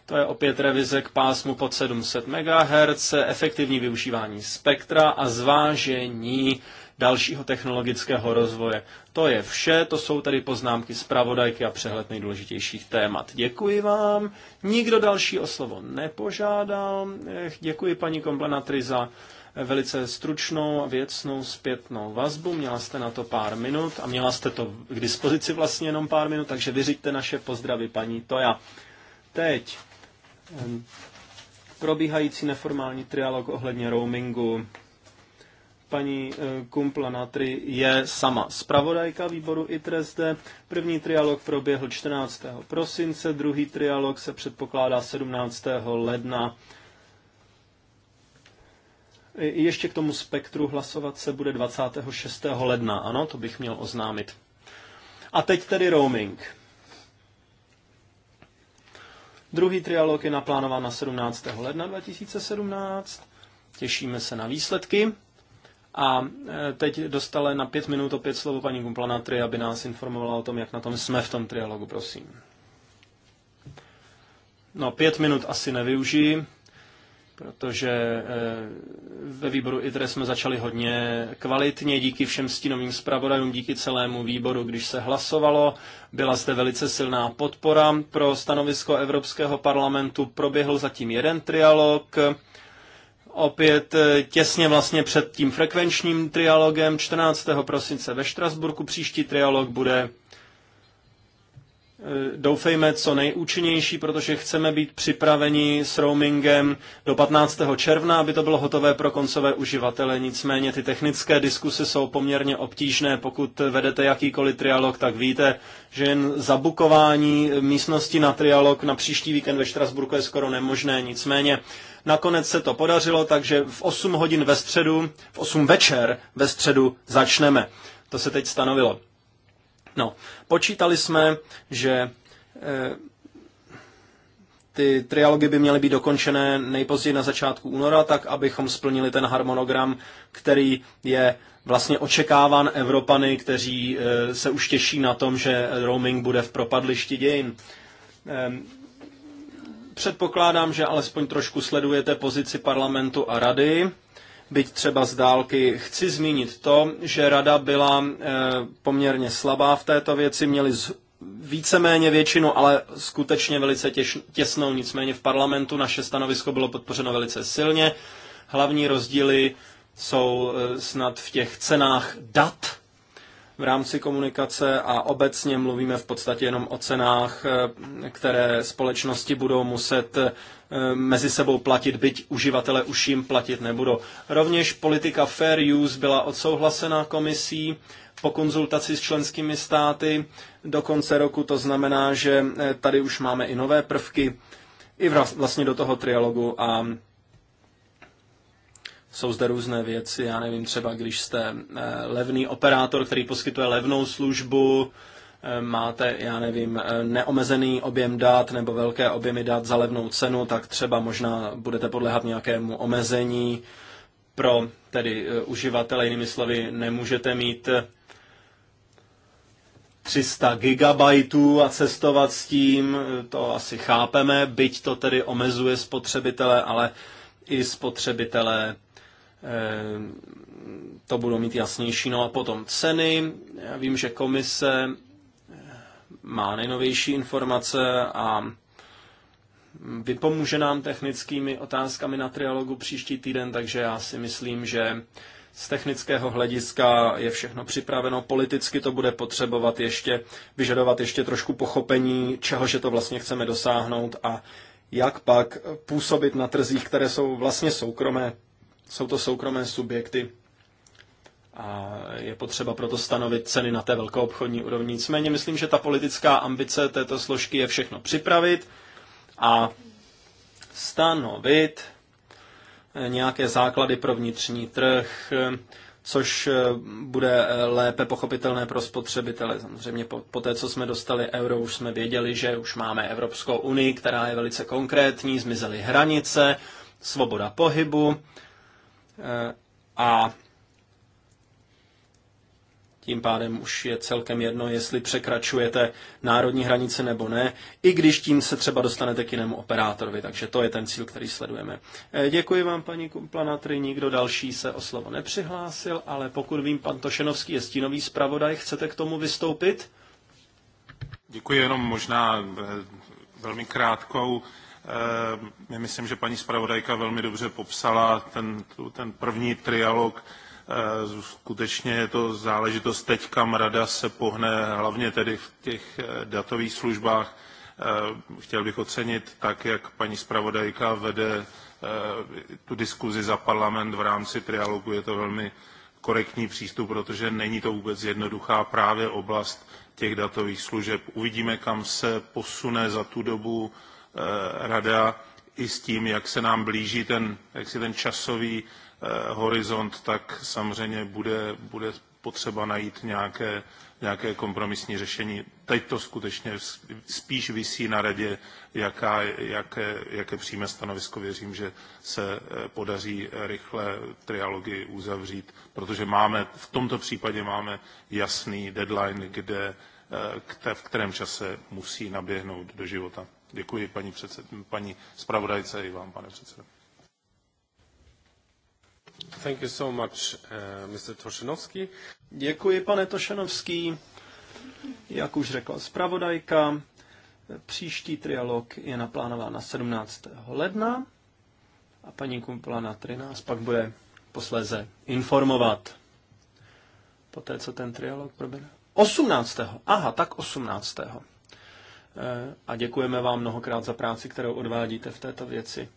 to je opět revize k pásmu pod 700 MHz, efektivní využívání spektra a zvážení dalšího technologického rozvoje. To je vše, to jsou tady poznámky zpravodajky a přehled nejdůležitějších témat. Děkuji vám, nikdo další o slovo nepožádal, děkuji paní komplenatry za velice stručnou a věcnou zpětnou vazbu. Měla jste na to pár minut a měla jste to k dispozici vlastně jenom pár minut, takže vyřiďte naše pozdravy paní Toja. Teď ehm, probíhající neformální trialog ohledně roamingu. Paní eh, Kumpla Natry je sama zpravodajka výboru ITRSD. První trialog proběhl 14. prosince, druhý trialog se předpokládá 17. ledna ještě k tomu spektru hlasovat se bude 26. ledna, ano, to bych měl oznámit. A teď tedy roaming. Druhý trialog je naplánován na 17. ledna 2017. Těšíme se na výsledky. A e, teď dostala na pět minut opět slovo paní Gumpanatry, aby nás informovala o tom, jak na tom jsme v tom trialogu, prosím. No, pět minut asi nevyužijí, protože eh, ve výboru ITRE jsme začali hodně kvalitně, díky všem stínovým zpravodajům, díky celému výboru, když se hlasovalo. Byla zde velice silná podpora pro stanovisko Evropského parlamentu. Proběhl zatím jeden trialog, opět eh, těsně vlastně před tím frekvenčním trialogem 14. prosince ve Štrasburku. Příští trialog bude Eh, doufejme, co nejúčinnější, protože chceme být připraveni s roamingem do 15. června, aby to bylo hotové pro koncové uživatele. Nicméně ty technické diskuse jsou poměrně obtížné. Pokud vedete jakýkoliv trialog, tak víte, že jen zabukování místnosti na trialog na příští víkend ve Štrasburku je skoro nemožné. Nicméně nakonec se to podařilo, takže v 8 hodin ve středu, v 8 večer ve středu začneme. To se teď stanovilo. No, počítali jsme, že eh, ty trialogy by měly být dokončené nejpozději na začátku února, tak abychom splnili ten harmonogram, který je vlastně očekáván Evropany, kteří eh, se už těší na tom, že roaming bude v propadlišti dějin. Ehm, předpokládám, že alespoň trošku sledujete pozici parlamentu a rady byť třeba z dálky. Chci zmínit to, že rada byla eh, poměrně slabá v této věci, měli víceméně většinu, ale skutečně velice těš, těsnou. Nicméně v parlamentu naše stanovisko bylo podpořeno velice silně. Hlavní rozdíly jsou eh, snad v těch cenách dat, v rámci komunikace a obecně mluvíme v podstatě jenom o cenách, eh, které společnosti budou muset eh, mezi sebou platit, byť uživatele už jim platit nebudou. Rovněž politika fair use byla odsouhlasená komisí po konzultaci s členskými státy do konce roku, to znamená, že eh, tady už máme i nové prvky i vlastně do toho trialogu a jsou zde různé věci, já nevím, třeba když jste eh, levný operátor, který poskytuje levnou službu, eh, máte, já nevím, eh, neomezený objem dat nebo velké objemy dat za levnou cenu, tak třeba možná budete podlehat nějakému omezení pro tedy uživatele, jinými slovy, nemůžete mít 300 gigabajtů a cestovat s tím, to asi chápeme, byť to tedy omezuje spotřebitele, ale i spotřebitelé Eh, to budou mít jasnější. No a potom ceny. Já vím, že komise eh, má nejnovější informace a vypomůže nám technickými otázkami na trialogu příští týden, takže já si myslím, že z technického hlediska je všechno připraveno. Politicky to bude potřebovat ještě, vyžadovat ještě trošku pochopení, čeho že to vlastně chceme dosáhnout a jak pak působit na trzích, které jsou vlastně soukromé jsou to soukromé subjekty a je potřeba proto stanovit ceny na té velkou obchodní úrovni. Nicméně myslím, že ta politická ambice této složky je všechno připravit a stanovit nějaké základy pro vnitřní trh, což bude lépe pochopitelné pro spotřebitele. Samozřejmě po, po té, co jsme dostali euro, už jsme věděli, že už máme Evropskou unii, která je velice konkrétní, zmizely hranice, svoboda pohybu, Eh, a tím pádem už je celkem jedno, jestli překračujete národní hranice nebo ne, i když tím se třeba dostanete k jinému operátorovi. Takže to je ten cíl, který sledujeme. Eh, děkuji vám, paní Kumplanatry. Nikdo další se o slovo nepřihlásil, ale pokud vím, pan Tošenovský je stínový zpravodaj. Chcete k tomu vystoupit? Děkuji, jenom možná eh, velmi krátkou Eh, myslím, že paní zpravodajka velmi dobře popsala ten, ten první trialog. Eh, skutečně je to záležitost teď, kam rada se pohne, hlavně tedy v těch eh, datových službách. Chtěl bych ocenit tak, jak paní zpravodajka vede tu diskuzi za parlament v rámci trialogu. Je to velmi korektní přístup, protože není to vůbec jednoduchá právě oblast těch datových služeb. Uvidíme, kam se posune za tu dobu Eh, rada i s tím, jak se nám blíží ten, jak si ten časový eh, horizont, tak samozřejmě bude, bude potřeba najít nějaké, nějaké kompromisní řešení. Teď to skutečně spíš visí na radě, jaká, jaké, jaké přijme stanovisko. Věřím, že se eh, podaří rychle trialogy uzavřít, protože máme, v tomto případě máme jasný deadline, kde, v kterém čase musí naběhnout do života. Děkuji paní, předsed, paní zpravodajce i vám, pane předsedo. Thank you so much, uh, eh, Mr. Tošenovský. Děkuji, pane Tošenovský. Jak už řekla zpravodajka, příští trialog je naplánován na 17. ledna a paní Kumpla na 13. pak bude posléze informovat. Poté, co ten trialog proběhne. 18. Aha, tak 18. Eh, a děkujeme vám mnohokrát za práci, kterou odvádíte v této věci,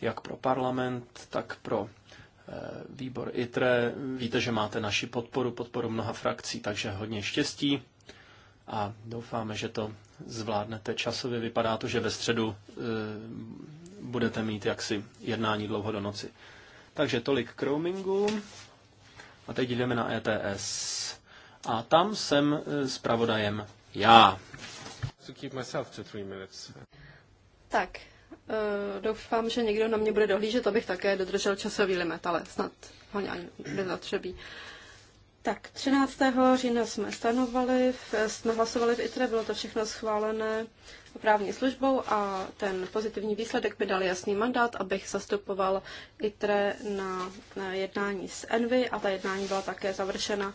jak pro parlament, tak pro eh, výbor ITRE. Víte, že máte naši podporu, podporu mnoha frakcí, takže hodně štěstí a doufáme, že to zvládnete časově. Vypadá to, že ve středu eh, budete mít jaksi jednání dlouho do noci. Takže tolik k roamingu. A teď jdeme na ETS. A tam jsem s pravodajem já to keep myself to three minutes. Tak, uh, doufám, že někdo na mě bude dohlížet, abych také dodržel časový limit, ale snad ho ani nezatřebí. Tak, 13. října jsme stanovali, eh, jsme hlasovali v ITRE, bylo to všechno schválené právní službou a ten pozitivní výsledek mi dal jasný mandát, abych zastupoval ITRE na, na jednání s ENVY a ta jednání byla také završena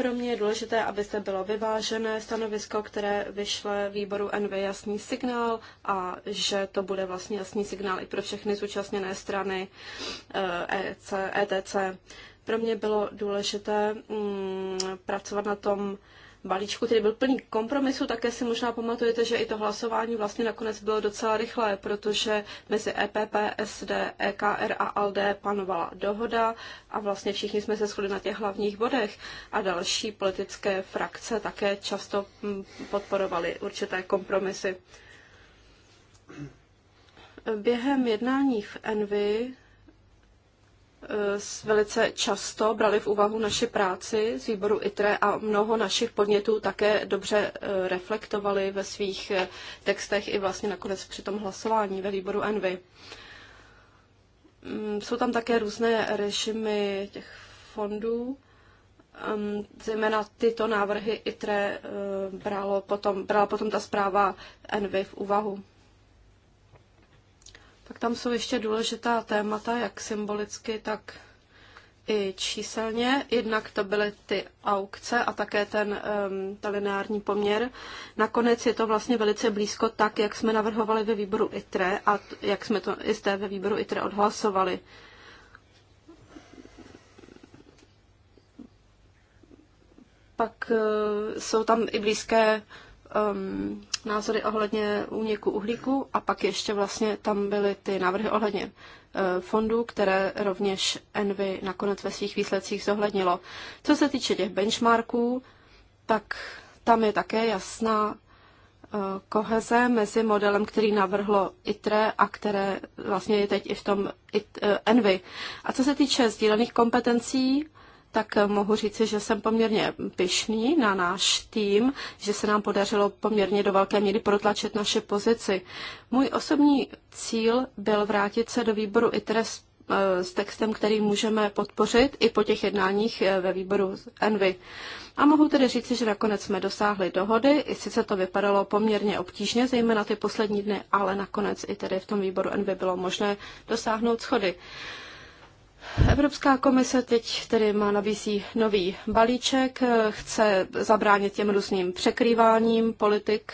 pro mě je důležité, aby se bylo vyvážené stanovisko, které vyšle výboru NV jasný signál a že to bude vlastně jasný signál i pro všechny zúčastněné strany EC, eh, e ETC. Pro mě bylo důležité mm, pracovat na tom, balíčku, který byl plný kompromisu. Také si možná pamatujete, že i to hlasování vlastně nakonec bylo docela rychlé, protože mezi EPP, SD, EKR a ALDE panovala dohoda a vlastně všichni jsme se shodli na těch hlavních bodech a další politické frakce také často mm, podporovaly určité kompromisy. Během jednání v Envy velice často brali v úvahu naši práci z výboru ITRE a mnoho našich podnětů také dobře eh, reflektovali ve svých eh, textech i vlastně nakonec při tom hlasování ve výboru ENVY. Mm, jsou tam také různé režimy těch fondů. Ehm, zejména tyto návrhy ITRE eh, bralo potom, brala potom ta zpráva ENVY v úvahu tak tam jsou ještě důležitá témata, jak symbolicky, tak i číselně. Jednak to byly ty aukce a také ten um, ta lineární poměr. Nakonec je to vlastně velice blízko tak, jak jsme navrhovali ve výboru ITRE a jak jsme to i zde ve výboru ITRE odhlasovali. Pak uh, jsou tam i blízké um, názory ohledně úniku uhlíku a pak ještě vlastně tam byly ty návrhy ohledně uh, fondů, které rovněž Envy nakonec ve svých výsledcích zohlednilo. Co se týče těch benchmarků, tak tam je také jasná uh, koheze mezi modelem, který navrhlo ITRE a které vlastně je teď i v tom IT, uh, Envy. A co se týče sdílených kompetencí, tak mohu říci, že jsem poměrně pyšný na náš tým, že se nám podařilo poměrně do velké míry protlačit naše pozici. Můj osobní cíl byl vrátit se do výboru ITRES s, eh, s textem, který můžeme podpořit i po těch jednáních eh, ve výboru ENVY. A mohu tedy říci, že nakonec jsme dosáhli dohody, i sice to vypadalo poměrně obtížně, zejména ty poslední dny, ale nakonec i tedy v tom výboru NV bylo možné dosáhnout schody. Evropská komise teď tedy má nabízí nový balíček, chce zabránit těm různým překrýváním politik.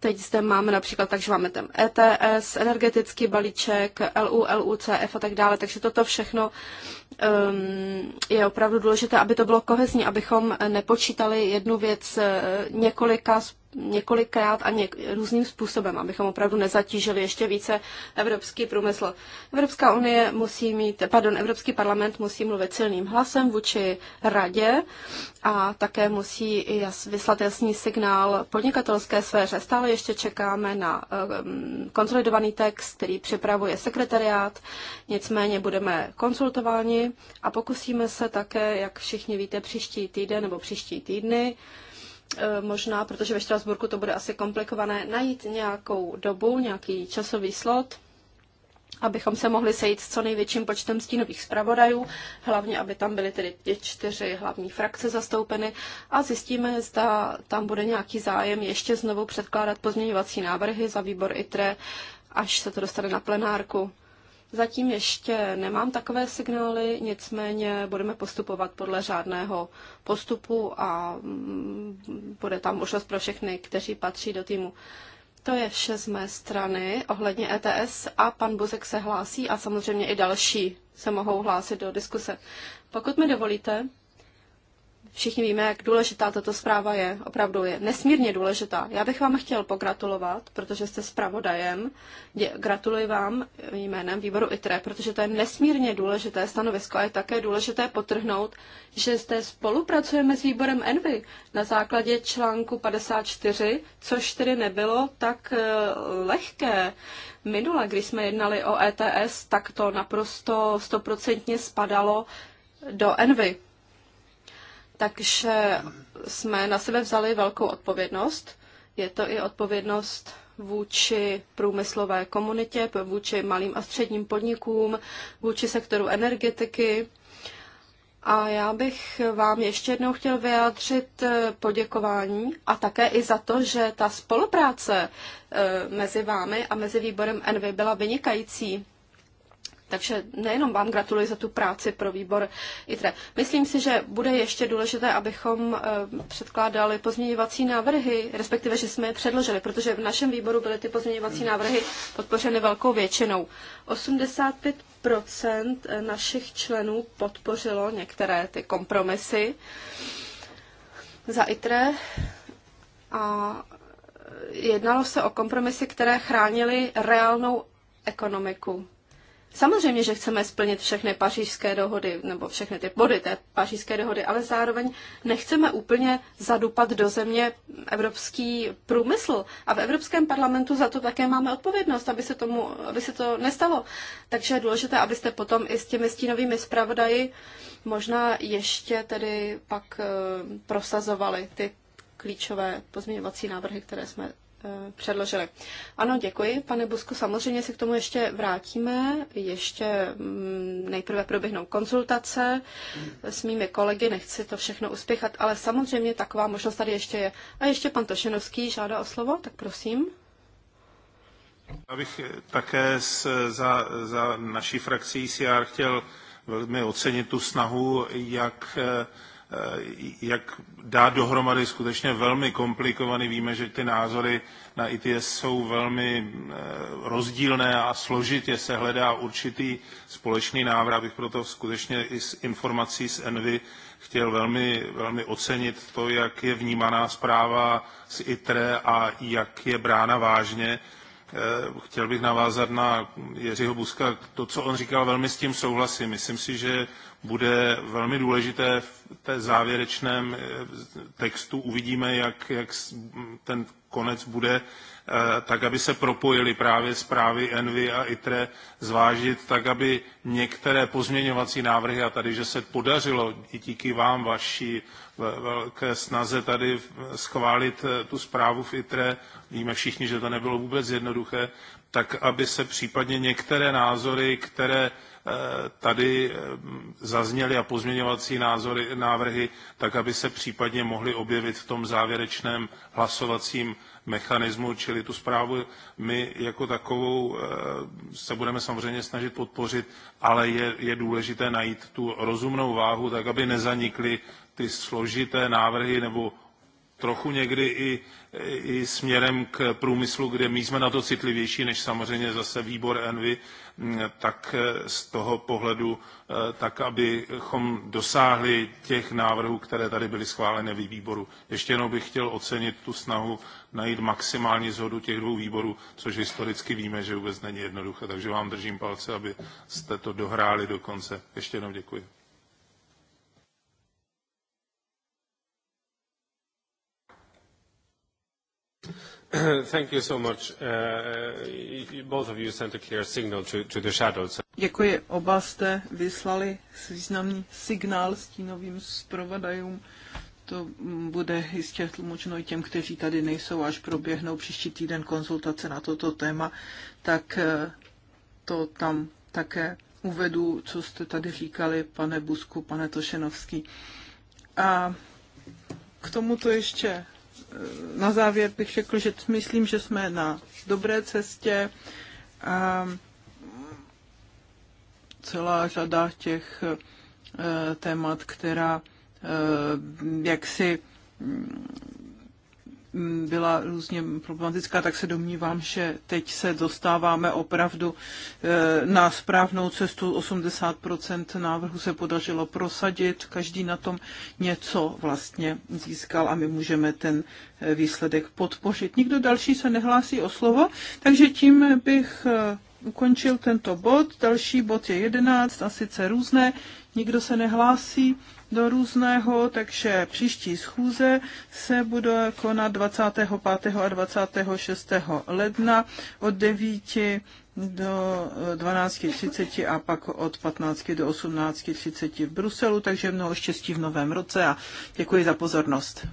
Teď zde máme například, takže máme ten ETS, energetický balíček, LU, LUCF a tak dále, takže toto všechno um, je opravdu důležité, aby to bylo kohezní, abychom nepočítali jednu věc eh, několika několikrát a něk- různým způsobem, abychom opravdu nezatížili ještě více evropský průmysl. Evropská unie musí mít, pardon, Evropský parlament musí mluvit silným hlasem vůči radě a také musí jas, vyslat jasný signál podnikatelské sféře. Stále ještě čekáme na um, konsolidovaný text, který připravuje sekretariát, nicméně budeme konsultováni a pokusíme se také, jak všichni víte, příští týden nebo příští týdny, uh, Eh, možná, protože ve Štrasburku to bude asi komplikované, najít nějakou dobu, nějaký časový slot, abychom se mohli sejít s co největším počtem stínových zpravodajů, hlavně aby tam byly tedy ty čtyři hlavní frakce zastoupeny a zjistíme, zda tam bude nějaký zájem ještě znovu předkládat pozměňovací návrhy za výbor ITRE, až se to dostane na plenárku. Zatím ještě nemám takové signály, nicméně budeme postupovat podle řádného postupu a mm, bude tam možnost pro všechny, kteří patří do týmu. To je vše z mé strany ohledně ETS a pan Buzek se hlásí a samozřejmě i další se mohou hlásit do diskuse. Pokud mi dovolíte, Všichni víme, jak důležitá tato zpráva je, opravdu je nesmírně důležitá. Já bych vám chtěl pogratulovat, protože jste zpravodajem. Gratuluji vám jménem výboru ITRE, protože to je nesmírně důležité stanovisko a je také důležité potrhnout, že zde spolupracujeme s výborem ENVY na základě článku 54, což tedy nebylo tak eh, lehké. Minule, když jsme jednali o ETS, tak to naprosto stoprocentně spadalo do ENVY. Takže jsme na sebe vzali velkou odpovědnost. Je to i odpovědnost vůči průmyslové komunitě, vůči malým a středním podnikům, vůči sektoru energetiky. A já bych vám ještě jednou chtěl vyjádřit eh, poděkování a také i za to, že ta spolupráce eh, mezi vámi a mezi výborem NV byla vynikající. Takže nejenom vám gratuluji za tu práci pro výbor ITRE. Myslím si, že bude ještě důležité, abychom eh, předkládali pozměňovací návrhy, respektive, že jsme je předložili, protože v našem výboru byly ty pozměňovací návrhy podpořeny velkou většinou. 85 eh, našich členů podpořilo některé ty kompromisy za ITRE a eh, jednalo se o kompromisy, které chránily reálnou ekonomiku. Samozřejmě, že chceme splnit všechny pařížské dohody, nebo všechny ty body té pařížské dohody, ale zároveň nechceme úplně zadupat do země evropský průmysl. A v Evropském parlamentu za to také máme odpovědnost, aby se, tomu, aby se to nestalo. Takže je důležité, abyste potom i s těmi stínovými zpravodaji možná ještě tedy pak eh, prosazovali ty klíčové pozměňovací návrhy, které jsme Eh, předložili. Ano, děkuji, pane Busku. Samozřejmě se k tomu ještě vrátíme. Ještě mm, nejprve proběhnou konzultace s mými kolegy, nechci to všechno uspěchat, ale samozřejmě taková možnost tady ještě je. A ještě pan Tošenovský žádá o slovo, tak prosím. Já bych také s, za, za naší frakcí CR chtěl velmi ocenit tu snahu, jak eh, Eh, jak dát dohromady skutečně velmi komplikovaný. Víme, že ty názory na ITS jsou velmi eh, rozdílné a složitě se hledá určitý společný návrh. Abych proto skutečně i s informací z Envy chtěl velmi, velmi ocenit to, jak je vnímaná zpráva z ITRE a jak je brána vážně. Eh, chtěl bych navázat na Jiřího Buska. To, co on říkal, velmi s tím souhlasím. Myslím si, že bude velmi důležité v té závěrečném eh, textu. Uvidíme, jak, jak ten konec bude, eh, tak aby se propojili právě zprávy Envy a ITRE zvážit, tak aby některé pozměňovací návrhy, a tady, že se podařilo i díky vám, vaší velké snaze tady schválit eh, tu zprávu v ITRE, víme všichni, že to nebylo vůbec jednoduché, tak aby se případně některé názory, které tady eh, zazněly a pozměňovací názory, návrhy, tak aby se případně mohly objevit v tom závěrečném hlasovacím mechanismu, čili tu zprávu my jako takovou eh, se budeme samozřejmě snažit podpořit, ale je, je důležité najít tu rozumnou váhu, tak aby nezanikly ty složité návrhy nebo trochu někdy i, i směrem k průmyslu, kde my jsme na to citlivější než samozřejmě zase výbor Envy, mm, tak eh, z toho pohledu, eh, tak abychom dosáhli těch návrhů, které tady byly schváleny ve výboru. Ještě jednou bych chtěl ocenit tu snahu najít maximální zhodu těch dvou výborů, což historicky víme, že vůbec není jednoduché. Takže vám držím palce, abyste to dohráli do konce. Ještě jednou děkuji. to, Děkuji. Oba jste vyslali významný signál stínovým zpravodajům. To bude jistě tlumočeno i těm, kteří tady nejsou, až proběhnou příští týden konzultace na toto téma, tak eh, to tam také uvedu, co jste tady říkali, pane Busku, pane Tošenovský. A k tomuto ještě na závěr bych řekl, že myslím, že jsme na dobré cestě. celá řada těch eh, témat, která eh, jaksi byla různě problematická, tak se domnívám, že teď se dostáváme opravdu eh, na správnou cestu. 80% návrhu se podařilo prosadit, každý na tom něco vlastně získal a my můžeme ten eh, výsledek podpořit. Nikdo další se nehlásí o slovo, takže tím bych eh, ukončil tento bod. Další bod je 11 a sice různé, nikdo se nehlásí do různého, takže příští schůze se bude konat 25. a 26. ledna od 9 do 12.30 a pak od 15 do 18.30 v Bruselu, takže mnoho štěstí v novém roce a děkuji za pozornost.